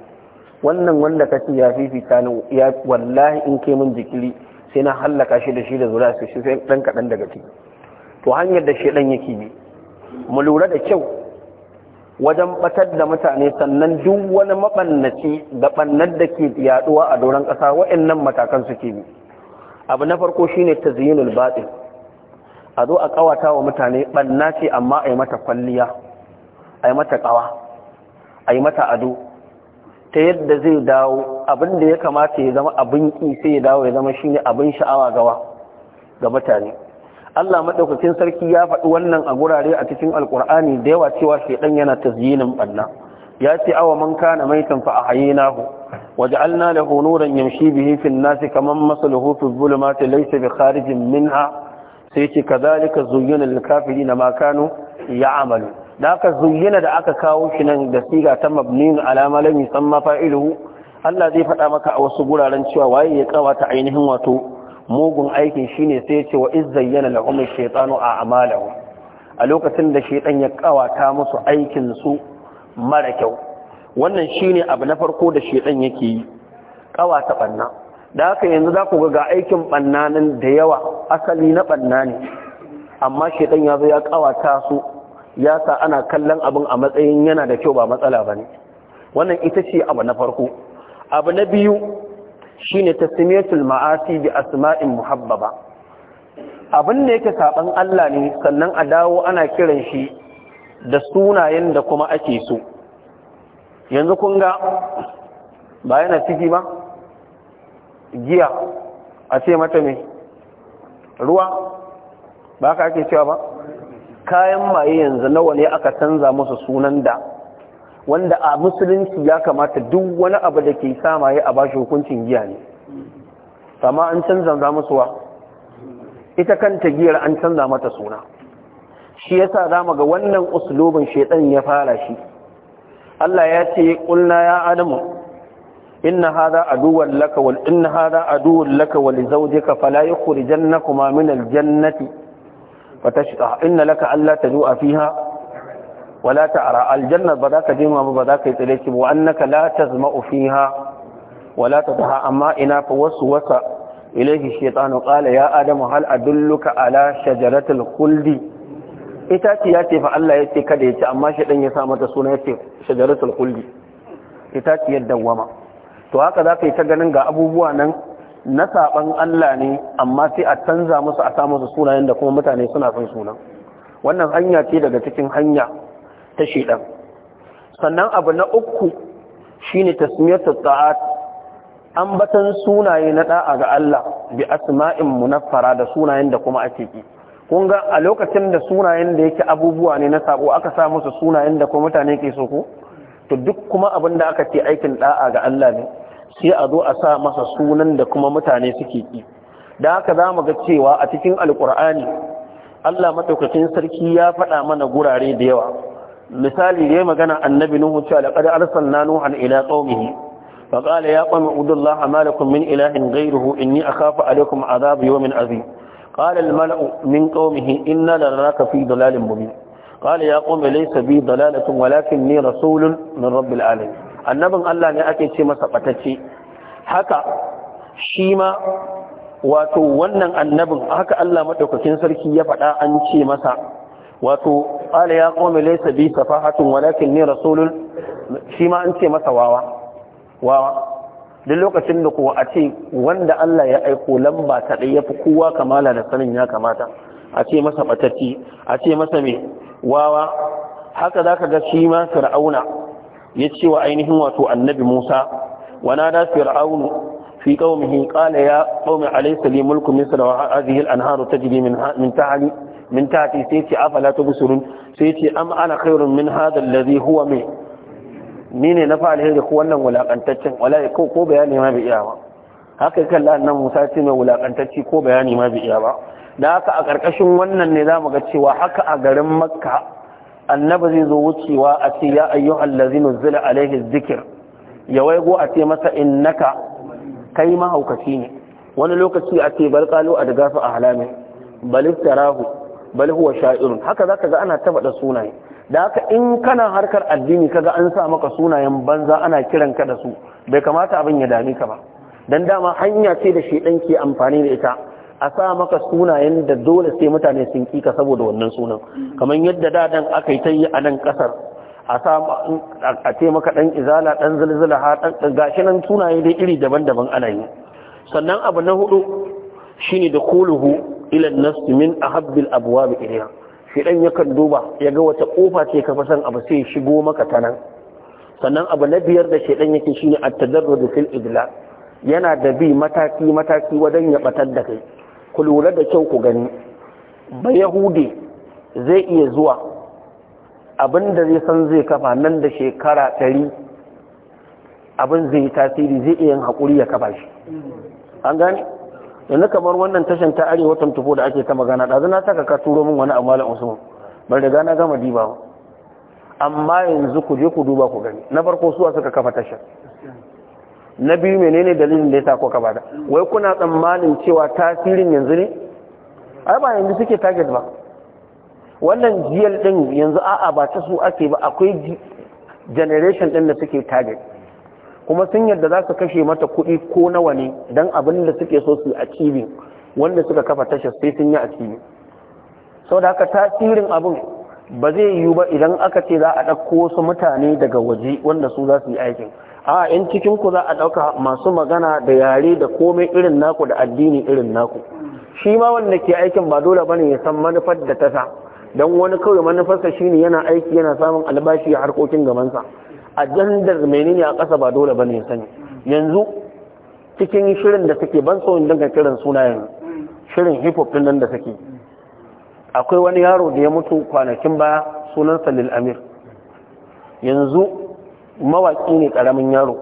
wannan wanda ce ya fifita ni ya wallahi in kai mun jikiri sai na hallaka shi da shi da zura su shi sai dan kadan daga ciki to hanyar da shedan yake bi mu lura da kyau wajen batar da mutane sannan duk wani maɓannaci da bannar da ke yaduwa a doron ƙasa wa'annan matakan suke bi abu na farko shine tazyinul batil a zo a ƙawata wa mutane banna ce amma a yi mata kwalliya a yi mata kawa a yi mata ado ta yadda zai dawo abin da ya kamata ya zama abin ki sai ya dawo ya zama shine abin sha'awa gawa ga mutane Allah maɗaukacin sarki ya faɗi wannan a gurare a cikin alkur'ani da yawa cewa shaidan yana tazyinin banna ya ce awa man kana maitan fa ahyaynahu waj'alna lahu nuran yamshi bihi fil nas kaman masaluhu fi dhulumati laysa bi kharijin minha sai ce kadhalika zuyyina lil kafirina ma kanu ya'malu da aka zuyyina da aka kawo shi nan da siga ta mabniin ala ma lam yusamma fa'iluhu Allah zai faɗa maka a wasu guraren cewa waye ya kawata ainihin wato mugun aikin shine sai ce wa izayyana lahum ash-shaytanu a'malahum a lokacin da shaytan ya kawata musu aikin su mara kyau wannan shine abu na farko da shaytan yake yi kawata banna da haka yanzu za ku ga aikin banna da yawa asali na banna ne amma shaytan ya zo ya kawata su ya sa ana kallon abin a matsayin yana da kyau ba matsala bane wannan ita ce abu na farko abu na biyu Shi ne ta tasmiyatul ma'asi bi asma'in muhabbaba abin da yake saɓan Allah ne sannan a dawo ana kiran shi da sunayen da kuma ake so yanzu kun ga ba yana ciki ba giya a ce mata ne. ruwa ba ka ake cewa ba kayan maye yanzu nawa ne aka canza musu sunan da wanda a musulunci ya kamata duk wani abu da ke samaye a bashi hukuncin giya ne amma an canza za musuwa ita kanta giyar an canza mata suna shi yasa za mu ga wannan uslubin shaitan ya fara shi Allah ya ce kulna ya adamu inna hadha aduwwan laka wal inna hadha aduwwan laka wa li zawjika fala yukhrijannakuma min al jannati fatashqa inna laka alla tadu'a fiha wala ara, aljanna ba za ka je ma ba za ka yi tsire ki wa annaka la tazma'u fiha wala tadha amma ina fa waswasa ilayhi shaytanu qala ya adamu hal adulluka ala shajaratil khuldi ita ce ya ce fa Allah ya ce kada ya ci, amma shaydan ya sa mata suna ya ce shajaratul khuldi ita ce to haka za ka yi ta ganin ga abubuwa nan na saban Allah ne amma sai a canza musu a sa musu sunayen da kuma mutane suna son sunan wannan hanya ce daga cikin hanya ta shedan sannan abu na uku shine tasmiyatu ta'at ambatan sunaye na da'a ga Allah bi asma'in munaffara da sunayen da kuma ake ki kun ga a lokacin da sunayen da yake abubuwa ne na sako aka sa musu sunayen da kuma mutane ke so ko to duk kuma abin da aka ce aikin da'a ga Allah ne sai a zo a sa masa sunan da kuma mutane suke ki da haka za mu ga cewa a cikin alkur'ani Allah madaukakin sarki ya faɗa mana gurare da yawa misali yayi magana annabi nuhu cewa laqad arsalna nuhan ila qaumihi fa qala ya qaumi ubudullaha ma lakum min ilahin ghayruhu inni akhafu alaykum adhab yawmin azim qala al mala'u min qaumihi inna laraka fi dalalin mubin qala ya qaumi laysa bi dalalatun walakinni rasulun min rabbil alamin annabin Allah ne ake ce masa batacce haka shi ma wato wannan annabin haka Allah madaukakin sarki ya faɗa an ce masa wato qala ya qawmi laysa bi safahatun walakin ni rasulun shi ma an ce masa wawa wawa duk lokacin da kuwa a ce wanda Allah ya aiko lamba ta ɗaya fi kowa kamala da sanin ya kamata a ce masa batacci a ce masa mai wawa haka za ka ga shi ma fir'auna ya ce wa ainihin wato annabi musa wana da fir'aunu fi qaumihi qala ya qaumi alaysa li mulku misra wa hadhihi anharu ta min min tahli min tati sai ce afala busurun. sai ce am ana khairun min hadha alladhi huwa ni ne na fa alheri ko wannan wulakantaccen wallahi ko ko bayani ma bai iya ba haka kalla annan Musa ce mai wulakantacci ko bayani ma bai iya ba da haka a ƙarƙashin wannan ne zamu ga cewa haka a garin Makka annabi zai zo wucewa a ce ya ayyuhal ladzi nuzila alaihi dhikr ya waigo a ce masa innaka kai mahaukaci ne wani lokaci a ce bal qalu adgafa ahlamin bal istarahu bal huwa sha'irun haka zaka ga ana ta faɗa sunaye da haka in kana harkar addini kaga an sa maka sunayen banza ana kiran ka da su bai kamata abin ya dame ka ba dan dama hanya ce da shedan ke amfani da ita a sa maka sunayen da dole sai mutane sun kika saboda wannan sunan kamar yadda dadan akai aka ta yi a nan kasar a sa a ce maka dan izala dan zulzula ha dan gashi nan sunaye dai iri daban-daban ana yi sannan abu na hudu shine da kuluhu ila nafsi min ahabbil abwab ilayha shedan yakan duba yaga wata kofa ce ka fasan abu sai shigo maka ta nan sannan abu na biyar da shedan yake shine at-tadarrud fil idla yana da bi mataki mataki wajen ya batar da kai ku lura da kyau ku gani ba yahudi zai iya zuwa abin da zai san zai kafa nan da shekara ɗari abin zai tasiri zai iya yin haƙuri ya kafa shi an gani yanzu kamar wannan tashan ta arewa tufo da ake ta magana ɗazu na saka ka turo min wani abu malam usman bai riga na gama diba ba amma yanzu ku je ku duba ku gani na farko suwa suka kafa tashar na biyu menene dalilin da ya sa ku kafa da? wai kuna tsammanin cewa tasirin yanzu ne ai ba yanzu suke target ba wannan jiyal din yanzu a'a ba ta su ake ba akwai generation din da suke target kuma sun yadda za su kashe mata kuɗi ko nawa ne don abin da suke so su a cibin wanda suka kafa tashar sai sun yi a cibin sau da haka tasirin abin ba zai yiwu ba idan aka ce za a ɗauko wasu mutane daga waje wanda su za su yi aikin a yan cikin ku za a ɗauka masu magana da yare da komai irin naku da addini irin naku shi ma wanda ke aikin ba dole bane ya san manufar da ta sa don wani kawai manufarsa ne yana aiki yana samun albashi a harkokin gabansa ajandar menene a ƙasa ba dole bane ya sani yanzu cikin shirin da suke ban tsohon dinga kiran sunayen shirin hip hop nan da suke akwai wani yaro da ya mutu kwanakin baya sunan Salil amir yanzu mawaƙi ne ƙaramin yaro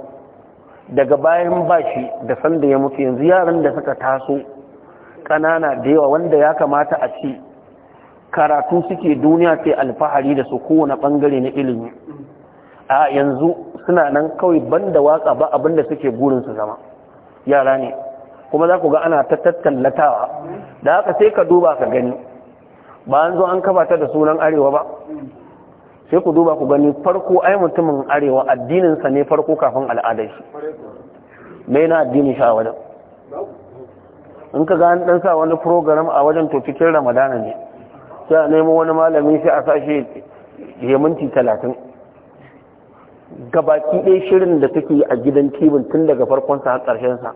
daga bayan bashi da sanda ya mutu yanzu yaran da suka taso ƙanana da yawa wanda ya kamata a ce karatu suke duniya sai alfahari da su kowane bangare na ilimi a yanzu suna nan kawai banda waka ba abinda suke gurin su zama yara ne kuma za ku ga ana ta tattallatawa da haka sai ka duba ka gani ba an zo an kafa ta da sunan arewa ba sai ku duba ku gani farko ai mutumin arewa addininsa ne farko kafin al'adar shi mai na addini sha wajen in ka gani dan sa wani program a wajen to ramadana ne sai a nemo wani malami sai a sashi ya minti talatin Ga baki ɗaya shirin da take a gidan tibin tun daga farkonsa har sa,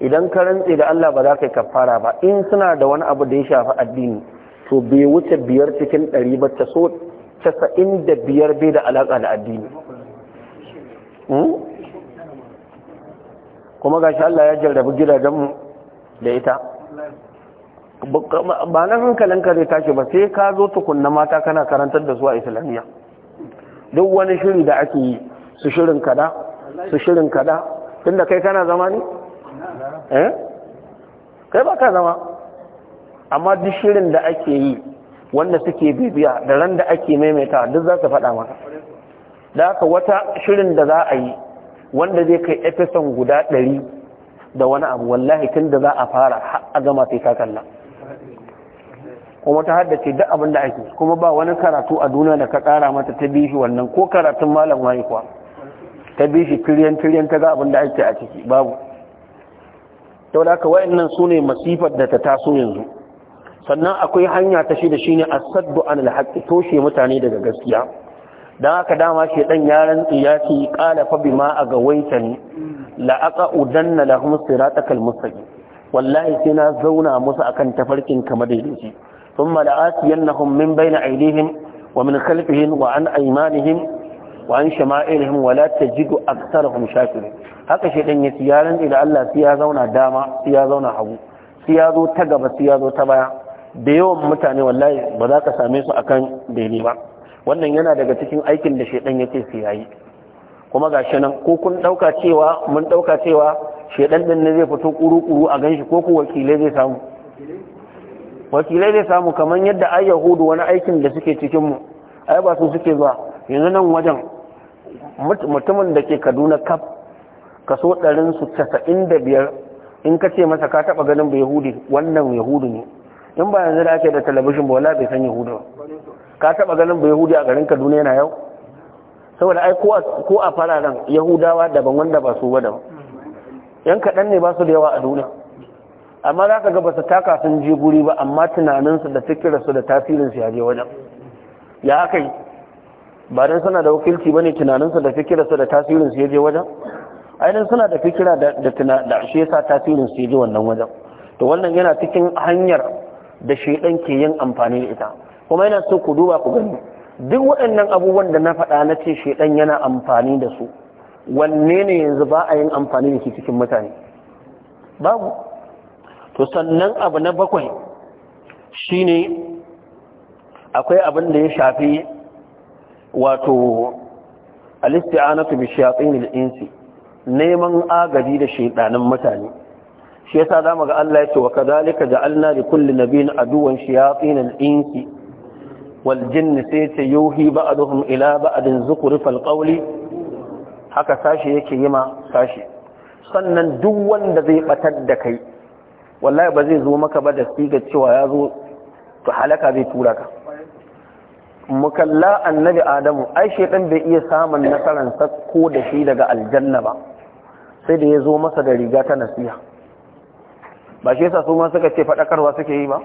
idan ka rantse da Allah ba za ka yi kafara ba in suna da wani abu da ya shafi addini to bai wuce biyar cikin ɗari ba ta so casa'in da biyar bai da alaƙa da addini hmm? kuma ga shi Allah ya jarrabi gidajenmu da ita ba na hankalinka zai tashi ba sai ka zo tukunna mata kana karantar da su a islamiyya duk wani shiri da ake yi su shirin kada su shirin kada tunda kai kana zama ne eh kai ba ka zama amma duk shirin da ake yi wanda suke bibiya da ran da ake maimaita duk za su faɗa maka da haka wata shirin da za a yi wanda zai kai efeson guda ɗari da wani abu wallahi tun da za a fara a gama sai ka kalla kuma ta haddace duk abin da ake kuma ba wani karatu a duniya da ka ƙara mata ta bishi wannan ko karatun malam wani kuwa ta bi shi tiryan tiryan ta ga abin da ake a ciki babu to da haka wayannan sune masifar da ta taso yanzu sannan akwai hanya ta shida shine as-saddu an al toshe mutane daga gaskiya Don haka dama shi dan yaran ya ce qala fa bima agawaitani la aqudanna lahum siratakal mustaqim wallahi sai na zauna musu akan tafarkin kama daidaici thumma la'atiyannahum min na aydihim wa min khalfihim wa an aymanihim wa an wa wala tajidu aktsarahum shakirin haka shedan yace ya rantsi da Allah sai ya zauna dama sai ya zauna hagu sai ya zo ta gaba sai ya zo ta baya da yawan mutane wallahi ba za ka same su akan daidai ba wannan yana daga cikin aikin da shedan yake su yayi kuma gashi nan ko kun dauka cewa mun dauka cewa shedan din ne zai fito kuru-kuru a ganshi ko ku wakilai zai samu wakilai zai samu kamar yadda ai yahudu wani aikin da suke cikin mu ai su suke zuwa yanzu nan wajen mutumin da ke kaduna kaf kaso ɗarinsu casa'in da biyar in ka ce masa ka taɓa ganin ba yahudi wannan yahudu ne in ba yanzu da ake da talabishin ba wala bai san yahudu ka taɓa ganin ba yahudi a garin kaduna yana yau saboda ai ko a fararen yahudawa daban wanda ba su ba daban yan kaɗan ne ba su da yawa a duniya amma za ka ga ba su taka sun je guri ba amma tunaninsu da fikirarsu da tasirinsu ya je wajen ya haka yi ba dan suna da wakilci ba bane tunaninsa da fikirarsa da tasirin su yaje wajen ainihin suna da fikira da tuna da shi yasa tasirin su yaje wannan wajen to wannan yana cikin hanyar da shedan ke yin amfani da ita kuma yana so ku duba ku gani duk waɗannan abubuwan da na faɗa na ce shedan yana amfani da su wanne ne yanzu ba a yin amfani da shi cikin mutane babu to sannan abu na bakwai shine akwai abin da ya shafi wato al-isti'anatu bi shayatinil insi neman agaji da shiɗanan mutane shi yasa zamu ga Allah yace wa kadhalika ja'alna li kulli nabiyyin aduwan shayatinil insi wal jinni sai ce yuhi ba'duhum ila ba'din al qawli haka sashi yake yima sashi sannan duk wanda zai batar da kai wallahi ba zai zo maka ba da sigar cewa ya zo to halaka zai tura ka mukalla annabi adamu ai shedan bai iya samun nasaran ko da shi daga aljanna ba sai da ya zo masa da riga ta nasiha ba shi yasa su ma suka ce fadakarwa suke yi ba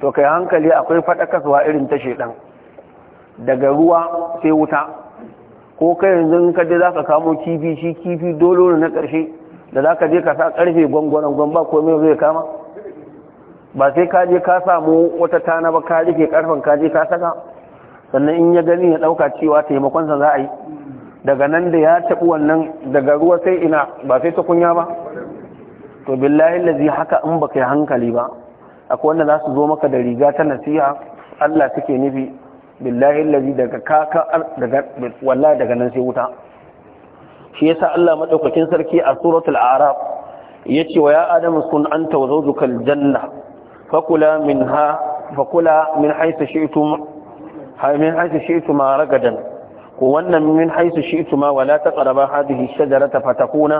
to kai hankali akwai fadakarwa irin ta shedan daga ruwa sai wuta ko kai yanzu ka je zaka kamo kifi shi kifi dolo na karshe da zaka je ka sa karfe gwangwanan gwamba ko me zai kama ba sai ka je ka samu wata tana ba ka rike karfin ka je ka saka sannan in ya gani ya ɗauka cewa taimakonsa za a yi daga nan da ya taɓi wannan daga ruwa sai ina ba sai ta ba to billahi lazi haka in ba kai hankali ba akwai wanda za su zo maka da riga ta nasiha Allah suke nufi billahi lazi daga kaka daga wallahi daga nan sai wuta shi yasa Allah madaukakin sarki a suratul a'raf yace wa ya adamu kun anta wa zawjukal janna fakula minha fakula min haythu shi'tum min haisu shi'tu ma ragadan ko wannan min haisu ma wala taqrabu hadhihi shajarata fatakuna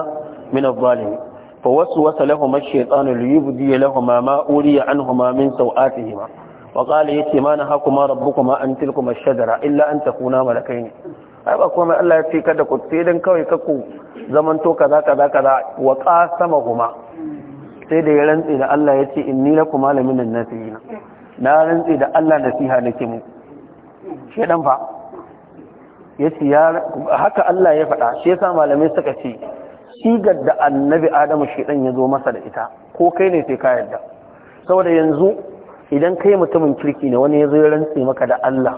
min adh-dhalimi fa waswasa lahum ash-shaytanu li yubdi lahum ma uriya anhum min sawatihim wa qala yati ma nahakuma rabbukuma an tilkum ash-shajara illa an takuna malakayn ai ba kuma Allah ya ce kada ku sai dan kawai kaku zaman to kaza kaza kaza wa qasama huma sai da ya rantsi da Allah ya ce inni lakum malamin nasihina na rantse da Allah nasiha nake mu. shedan fa yace ya haka Allah ya faɗa shi yasa malamai suka ce sigar da annabi Adamu shedan ya zo masa da ita ko kai ne sai ka yarda saboda yanzu idan kai mutumin kirki ne wani ya zo ya rantse maka da Allah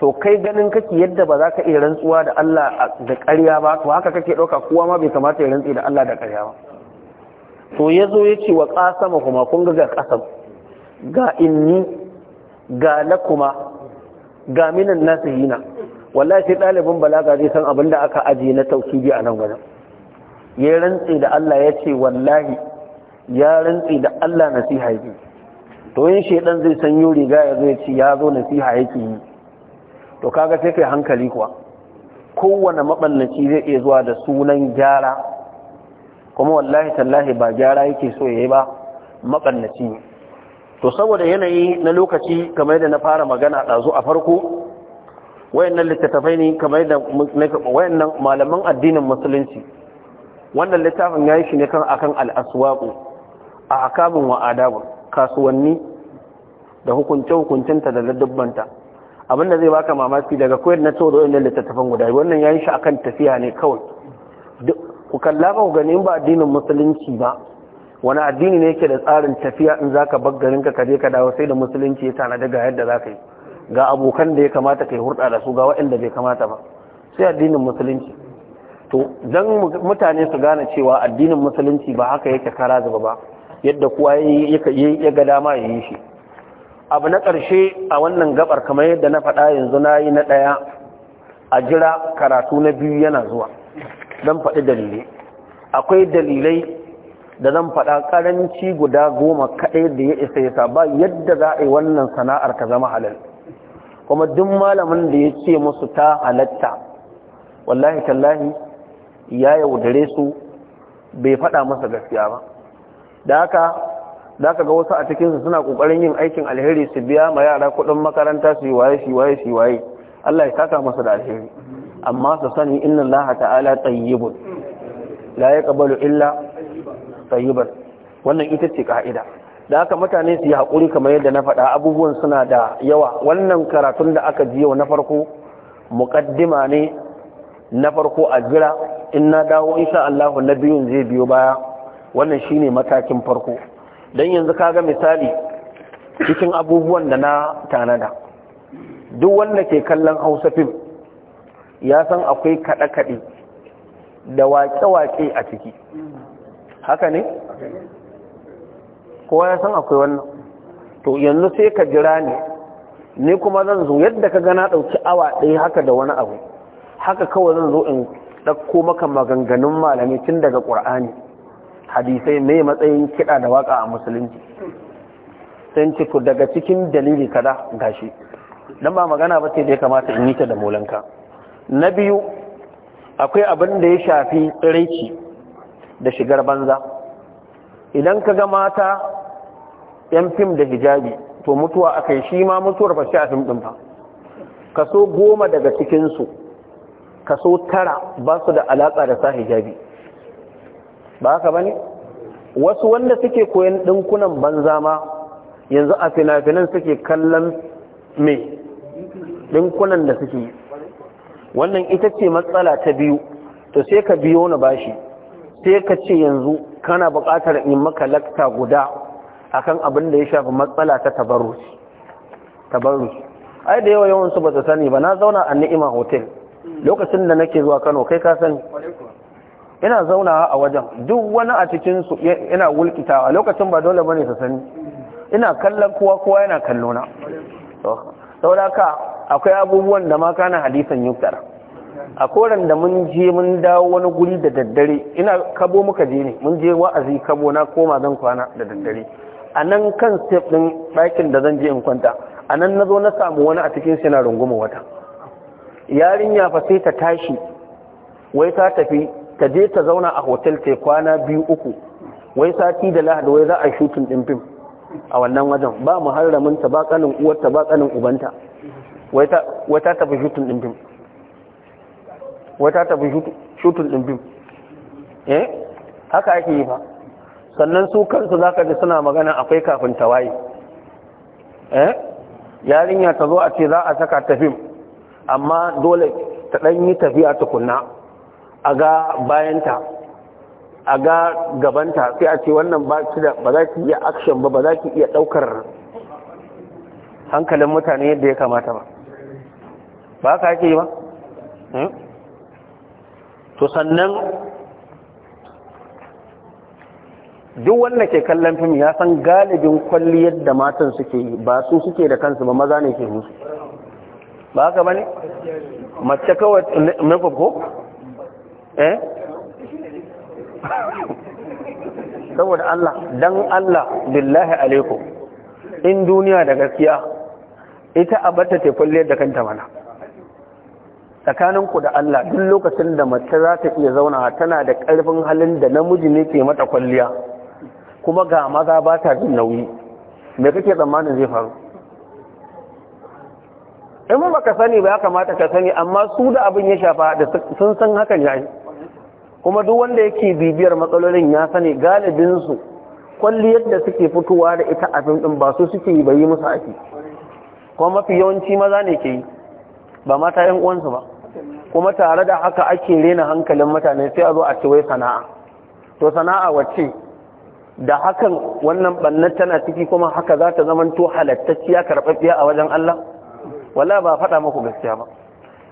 to kai ganin kake yadda ba za ka iya rantsuwa da Allah da ƙarya ba to haka kake ɗauka kowa ma bai kamata ya rantse da Allah da ƙarya ba to ya zo ya ce wa ƙasama kuma kun ga ƙasam ga inni ga kuma. ga minan nasihina wallahi sai ɗalibin balaga zai san abin da aka ajiye na tausibi a nan wajen ya rantse da Allah ya ce wallahi ya rantse da Allah nasiha yake to yin shaidan zai sanyo riga ya zo ce ya zo nasiha yake yi to kaga sai kai hankali kuwa kowane maballaci zai iya zuwa da sunan gyara kuma wallahi tallahi ba gyara yake so yayi ba maballaci ne to saboda yanayi na lokaci kamar yadda na fara magana ɗazu a farko wayannan littattafai ne kamar yadda wayannan malaman addinin musulunci wannan littafin ya yi shi ne kan akan al'aswaku a akabin wa adabun kasuwanni da hukunce-hukuncinta da ladubbanta abinda zai baka mamaki daga koyar na tsoro inda littattafan guda wannan ya yi shi akan tafiya ne kawai ku kalla ba ku gani ba addinin musulunci ba wani addini ne yake da tsarin tafiya in zaka baggarin ka kaje ka dawo sai da musulunci ya tana daga yadda za ka yi ga abokan da ya kamata ka yi hurɗa da su ga waɗanda bai kamata ba sai addinin musulunci to dan mutane su gane cewa addinin musulunci ba haka yake kara zuba ba yadda kuwa ya ga dama ya yi shi abu na ƙarshe a wannan gabar kamar yadda na faɗa yanzu na yi na ɗaya a jira karatu na biyu yana zuwa don faɗi dalilai akwai dalilai da zan faɗa karanci guda goma kaɗai da ya isa ya ba yadda za a yi wannan sana'ar ka zama halal kuma duk malamin da ya ce musu ta halatta wallahi tallahi ya yaudare su bai faɗa masa gaskiya ba da haka za ka ga wasu a cikinsu suna ƙoƙarin yin aikin alheri su biya ma yara kuɗin makaranta su yi waye shi waye shi waye Allah ya saka masa da alheri amma su sani inna Allah ta'ala tayyibun la yaqbalu illa tayyiban wannan ita ce ka'ida da haka mutane su yi haƙuri kamar yadda na faɗa abubuwan suna da yawa wannan karatun da aka ji yau na farko muƙaddima ne na farko a jira in na dawo insha Allah na biyun zai biyo baya wannan shine matakin farko dan yanzu kaga misali cikin abubuwan da na tanada duk wanda ke kallon Hausa fim ya san akwai kaɗe-kaɗe da waƙe-waƙe a ciki haka ne kowa ya san akwai wannan to yanzu sai ka jira ne ni kuma zan zo yadda ka gana ɗauki awa ɗaya haka da wani abu haka kawai zan zo in ɗauko maka maganganun malami tun daga ƙur'ani hadisai mai matsayin kiɗa da waƙa a musulunci Sai ce ku daga cikin dalili kada gashi don ba magana ba ce da kamata in yi ta da molanka na biyu akwai abin da ya shafi tsiraici da shigar banza idan ka ga mata yan fim da hijabi to mutuwa aka yi shi ma mutuwar shi a fim ɗin ba kaso goma daga cikinsu kaso tara ba su da alaƙa da sa hijabi ba haka ba ne wasu wanda suke koyan ɗinkunan banza ma yanzu a fina-finan suke kallon mai ɗinkunan da suke wannan ita ce matsala ta biyu to sai ka biyo na bashi sai ka ce yanzu kana buƙatar in maka lakta guda akan abin da ya shafi matsala ta tabarruci ai da yawa yawan su ba ta sani ba na zauna a ni'ima hotel lokacin da nake zuwa Kano kai ka sani ina zauna a wajen duk wani a cikin su ina a lokacin ba dole bane su sani ina kallon kowa kowa yana kallona da ka akwai abubuwan da ma kana hadisan yuktar a koren da mun je mun dawo wani guri da daddare ina kabo muka je ne mun je wa'azi kabo na koma zan kwana da daddare a nan kan step ɗin bakin da zan je in kwanta a nan na zo na samu wani a cikin yana runguma wata yarinya fa sai ta tashi wai ta tafi ta je ta zauna a hotel ta kwana biyu uku wai sati da lahadi wai za a shooting ɗin fim a wannan wajen ba muharramin ta ba kanin uwarta ba kanin ubanta wai ta tafi shooting ɗin fim ta tafi shutun ɗin biyu eh haka ake yi ba sannan su kansu za ka ji suna magana akwai kafin tawaye eh yarinya ta zo a ce za a saka tafim amma dole ta ɗan yi tafiya tukunna a ga bayanta a ga gabanta sai a ce wannan ba za ki iya action ba ba za ki iya ɗaukar hankalin mutane yadda ya kamata ba ba ka ake yi ba hmm? to sannan duk wanda ke kallon fim ya san galibin kwalliyar da matan suke yi ba su suke da kansu ba maza ne ke musu ba haka ba ne? mace kawai makeup ko? eh? saboda Allah dan Allah billahi alaikum in duniya da gaskiya ita abata ta kwalliyar da kanta mana tsakaninku da Allah duk lokacin da mace za ta iya zauna tana da ƙarfin halin da namiji ne ke mata kwalliya kuma ga maza ba ta jin nauyi me kake tsammanin zai faru in ba ka sani ba ya kamata ka sani amma su da abin ya shafa da sun san hakan yayi kuma duk wanda yake bibiyar matsalolin ya sani galibinsu kwalliyar da suke fitowa da ita abin din ɗin ba su suke yi bayi musu ake kuma mafi yawanci maza ne ke yi ba mata yan uwansu ba kuma tare da haka ake rena hankalin mutane sai a zo a ce wai sana'a to sana'a wacce da hakan wannan bannan tana ciki kuma haka za ta zama to halattacciya karɓaɓɓiya a wajen Allah wala ba faɗa muku gaskiya ba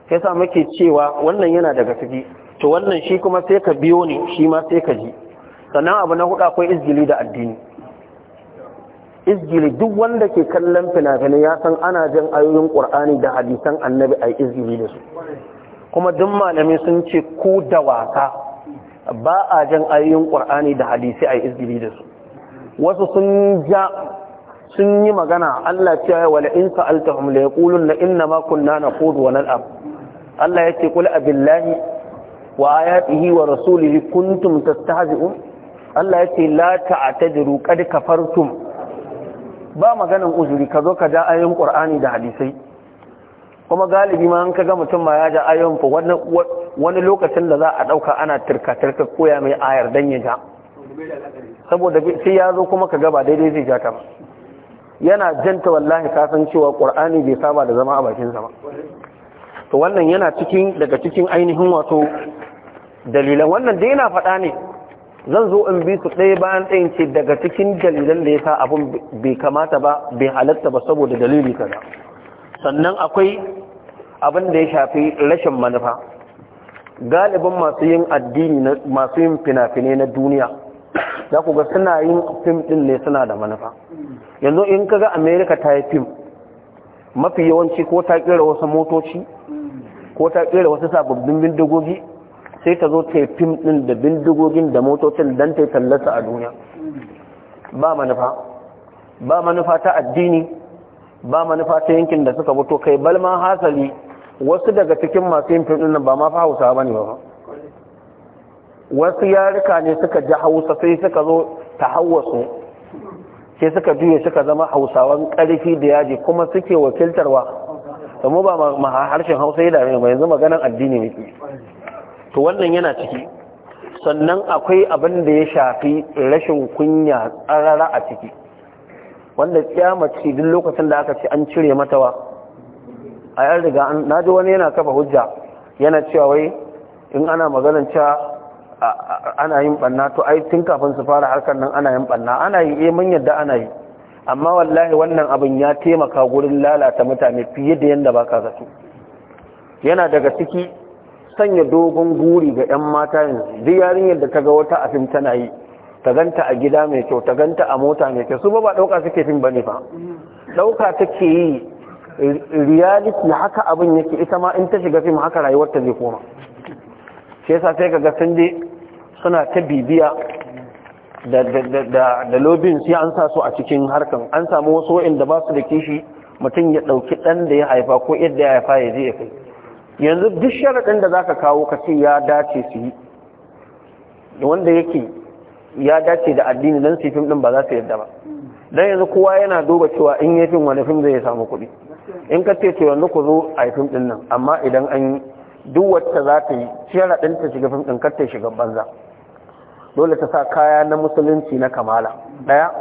sai sa muke cewa wannan yana daga ciki to wannan shi kuma sai ka biyo ne shi ma sai ka ji sannan abu na hudu akwai izgili da addini izgili duk wanda ke kallon fina-finai ya san ana jin ayoyin ƙur'ani da hadisan annabi a izgili da su kuma duk malamai sun ce ku da waka ba a jan ayoyin qur'ani da hadisi a izgili da su wasu sun ja sun yi magana Allah cewa wala in sa'altahum la yaquluna inna ma kunna naqulu wa nal'ab Allah yake kul abillahi wa ayatihi wa rasulihi kuntum tastahzi'un Allah yake la ta'tadiru qad kafartum ba maganan uzuri ka zo ka ja ayoyin qur'ani da hadisai kuma galibi ma an kaga mutum ma ya ja ayon fa wani lokacin da za a ɗauka ana turka-turka koya mai ayar dan ya ja saboda sai ya zo kuma kaga ba daidai zai ja ta ba yana janta wallahi ka san cewa qur'ani bai saba da zama a bakin sa ba to wannan yana cikin daga cikin ainihin wato dalilan wannan dai yana faɗa ne zan zo in bi su ɗaya bayan ɗayin ce daga cikin dalilan da ya sa abin bai kamata ba bai halatta ba saboda dalili kaza sannan akwai abin da ya shafi rashin manufa galibin masu yin addini masu yin fina-finai na duniya za ku ga suna yin fim din ne suna da manufa yanzu in ka ga Amerika ta yi fim mafi yawanci ko ta kera wasu motoci ko ta kera wasu sababbin bindigogi sai ta zo ta yi fim din da bindigogin da motocin don ta yi tallata a duniya ba manufa ba manufa ta addini ba manufa ta yankin da suka mutu kai balma hasali wasu daga cikin masu yin fim nan ba ma fa hausa ba ne ba wasu yarika ne suka ji hausa sai suka zo ta hawasu sai suka juye suka zama hausawan ƙarfi da yaji kuma suke wakiltarwa To mu ba harshen hausa ya dame ba yanzu maganar addini ne to wannan yana ciki sannan akwai abin da ya shafi rashin kunya tsarara a ciki wanda kiyama ce duk lokacin da aka ce an cire mata wa a yar riga Na ji wani yana kafa hujja yana cewa wai in ana maganar cewa ana yin banna to ai tun kafin su fara harkar nan ana yin banna ana yi eh mun yadda ana yi amma wallahi wannan abin ya taimaka gurin lalata mutane fiye da yanda baka zato yana daga ciki sanya dogon guri ga 'yan mata yanzu duk yarinyar da ta ga wata afim tana yi ta ganta a gida mai kyau ta ganta a mota mai kyau su ba ba ɗauka suke fin ba fa ke take yi reality haka abin yake ita ma in ta shiga fim haka rayuwar ta zai koma shi yasa sai ka ga sun suna ta bibiya da da lobin sai an sa su a cikin harkan an samu wasu waɗanda ba su da kishi mutum ya ɗauki ɗan da ya haifa ko yadda ya haifa ya je ya kai yanzu duk sharaɗin da za ka kawo ka ce ya dace su yi wanda yake ya dace da addini don sifin fim din ba za su yadda ba don yanzu kowa yana duba cewa in yi fim wani fim zai samu kuɗi in ka ce cewa ku zo a yi fim din nan amma idan an yi duk wacce za ta yi ciyar ɗin ta shiga fim din kar shiga banza dole ta sa kaya na musulunci na kamala ɗaya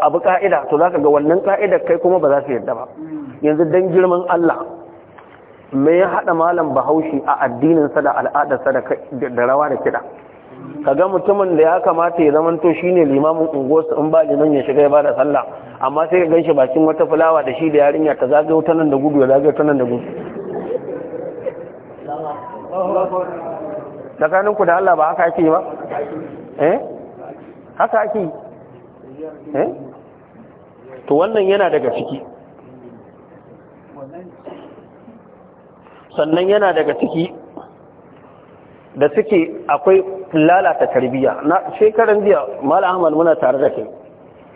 abu ka'ida to za ka ga wannan ka'idar kai kuma ba za su yadda ba yanzu don girman Allah me ya haɗa malam bahaushe a addininsa da al'adarsa da rawa da kiɗa kaga mutumin da ya kamata ya shi shine limamin unguwarsa in ba liman ya shiga ya bada sallah amma sai ka ganshi bakin wata fulawa da shi da yarinya ta zagayo ta nan da gudu ya zagayo ta nan da gudu tsakanin ku da Allah ba haka ake ba eh haka ake eh to wannan yana daga ciki sannan yana daga ciki da suke akwai lalata tarbiyya na shekaran jiya mala ahmad muna tare da kai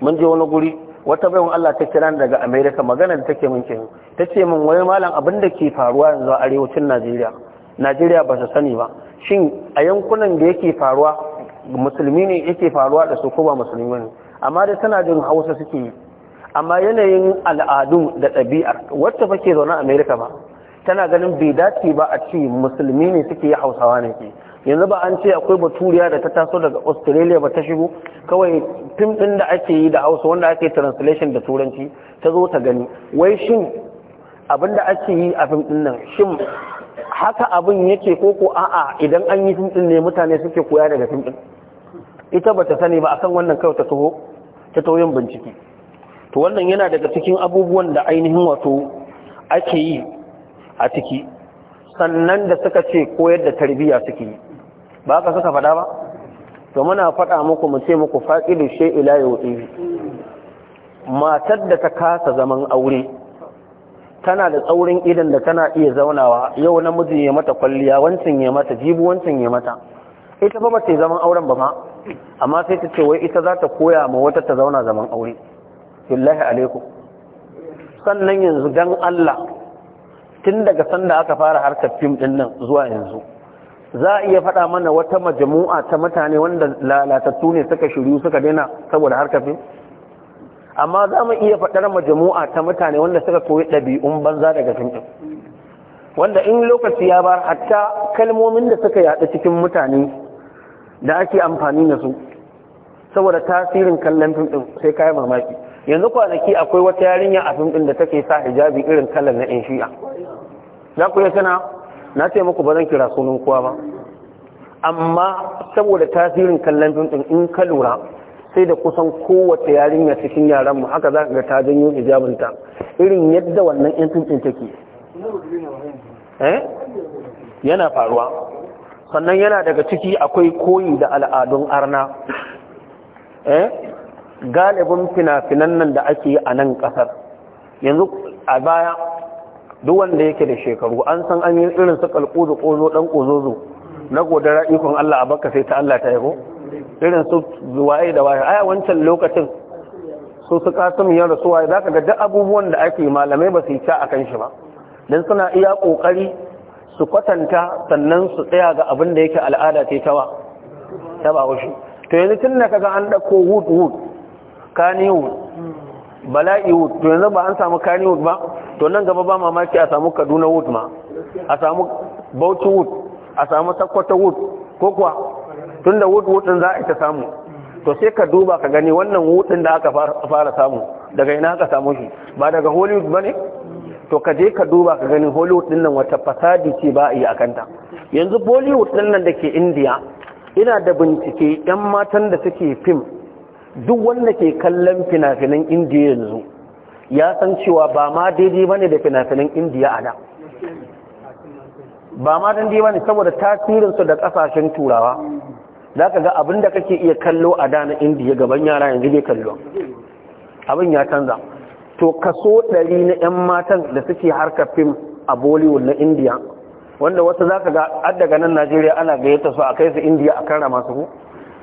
mun je wani guri wata bayan Allah ta kira daga America magana da take mun kenan tace min wai malam abin da ke faruwa yanzu a arewacin Najeriya Najeriya ba su sani ba shin a yankunan da yake faruwa musulmi ne yake faruwa da su ko ba musulmi ne amma da tana jin Hausa suke yi amma yanayin al'adun da ɗabi'ar wacce fake zaune a America ba tana ganin bai dace ba a ce musulmi ne suke yi Hausawa ne ke yanzu ba an ce akwai baturiya da ta taso daga australia ba ta shigo kawai fim din da ake yi da hausa wanda ake translation da turanci ta zo ta gani wai shin abin da ake yi a fim din nan shin haka abin yake ko ko a'a idan an yi fim din ne mutane suke koya daga fim din ita ta sani ba akan wannan kawai ta taho ta tauyin bincike to wannan yana daga cikin abubuwan da ainihin wato ake yi a ciki sannan da suka ce koyar da tarbiyya suke yi ba ka suka faɗa ba to muna faɗa muku mu ce muku faqidu shay'i ila yuti matar da ta kasa zaman aure tana da tsaurin idan da tana iya zaunawa yau namiji ya mata kwalliya wancan ya mata jibu wancan ya mata ita fa ba ta zaman auren ba ma amma sai ta ce wai ita za ta koya ma wata ta zauna zaman aure billahi alaikum sannan yanzu dan Allah tun daga sanda aka fara harkar fim din nan zuwa yanzu za a iya faɗa mana wata majamu'a ta mutane wanda lalatattu ne suka shiryu suka daina saboda harkafin amma za mu iya faɗar majamu'a ta mutane wanda suka koyi ɗabi'un banza daga ɗin, wanda in lokaci ya bar hatta kalmomin da suka yaɗu cikin mutane da ake amfani da su saboda tasirin kallon fim ɗin sai kayan mamaki yanzu kwanaki akwai wata yarinya a fim ɗin da take sa hijabi irin kallon na 'yan shi'a za ku iya sana na ce muku ba zan kira sunan kowa ba amma saboda tasirin kallon tuntun in ka lura sai da kusan kowace yarinya cikin mu haka za ka ga ta janyo hijabinta irin yadda wannan yan tuntun take eh? yana faruwa sannan yana daga ciki akwai koyi da al'adun arna eh? galibin fina-finan nan da ake yi a nan ƙasar, yanzu a baya duk wanda yake da shekaru an san an yi irin su kalkuzu kozo dan kozozo na godara ikon Allah a baka sai ta Allah ta yabo irin su zuwaye da waye aya wancan lokacin su su kasum ya rasuwa zaka ga duk abubuwan da ake malamai ba su yi ta akan shi ba dan suna iya kokari su kwatanta sannan su tsaya ga abin da yake al'ada ce tawa ta ba wushi to yanzu tun da kaga an ɗauko wood wood kani bala'i wood to yanzu ba an samu kani ba to nan gaba ba mamaki a samu kaduna wood ma a samu bauchi wood a samu sakwata wood ko kuwa tun da wood wood za a ita samu to sai ka duba ka gani wannan wood da aka fara samu daga ina aka samu shi ba daga hollywood ba ne to ka je ka duba ka gani hollywood din nan wata fasadi ce ba a yi a kanta yanzu bollywood din nan da ke india ina da bincike 'yan matan da suke fim duk wanda ke kallon fina-finan india yanzu ya san cewa ba ma daidai ne da finafinan finan indiya a da ba ma daidai ne saboda tasirinsu da kasashen turawa za ka ga abin da kake iya kallo a da indiya gaban yara yanzu bai kallo abin ya canza to kaso ɗari na 'yan matan da suke harka fim a bollywood na indiya wanda wasu za ka ga an daga nan najeriya ana gayyata su a kai su indiya a karrama su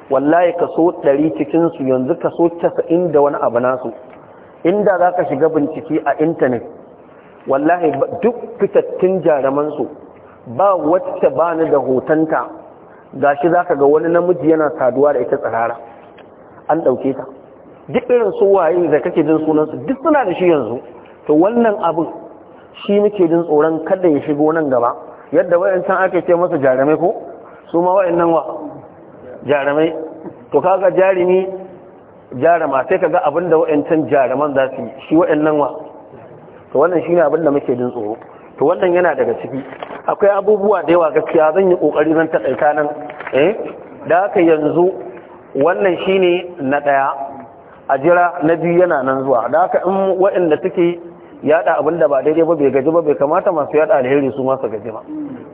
wallahi kaso ɗari cikinsu yanzu kaso casa'in da wani abu nasu inda za ka shiga bincike a intanet wallahi duk fitattun jaramansu ba wacce ba ni da hotonta shi za ka ga wani namiji yana saduwa da ita tsirara an ɗauke ta duk irin su waye da kake jin sunansu duk suna da shi yanzu to wannan abin shi muke jin tsoron kada ya shigo nan gaba yadda wayancan ake ce masa jarumai ko su ma wayannan wa jarumai to kaga jarumi jarama sai ga abin da wa'ancan jaraman za su yi shi wa'annan wa to wannan ne abin da muke jin tsoro to wannan yana daga ciki akwai abubuwa da yawa gaskiya zan yi kokari zan takaita nan eh da haka yanzu wannan shi ne na ɗaya. a jira na biyu yana nan zuwa da haka in wa'anda suke yada abin da ba daidai ba bai gaji ba bai kamata masu yada alheri su masu gaji ba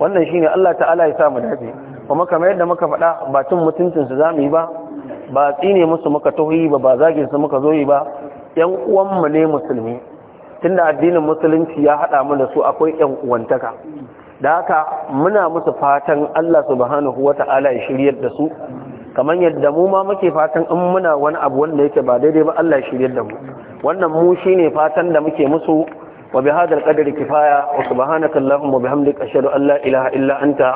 wannan ne Allah ta'ala ya sa mu dace kuma kamar yadda muka faɗa ba cin mutuncin su zamu yi ba ba tsine musu muka tahoyi ba ba zagin su muka zoyi ba yan uwanmu ne musulmi tunda addinin musulunci ya haɗa mu da su akwai yan uwantaka da haka muna musu fatan Allah subhanahu wata'ala ya shiryar da su kamar yadda mu ma muke fatan in muna wani abu wanda yake ba daidai ba Allah ya shiryar da mu wannan mu shine fatan da muke musu wa bihadal qadri kifaya wa subhanaka allahumma wa bihamdika ashhadu an la ilaha illa anta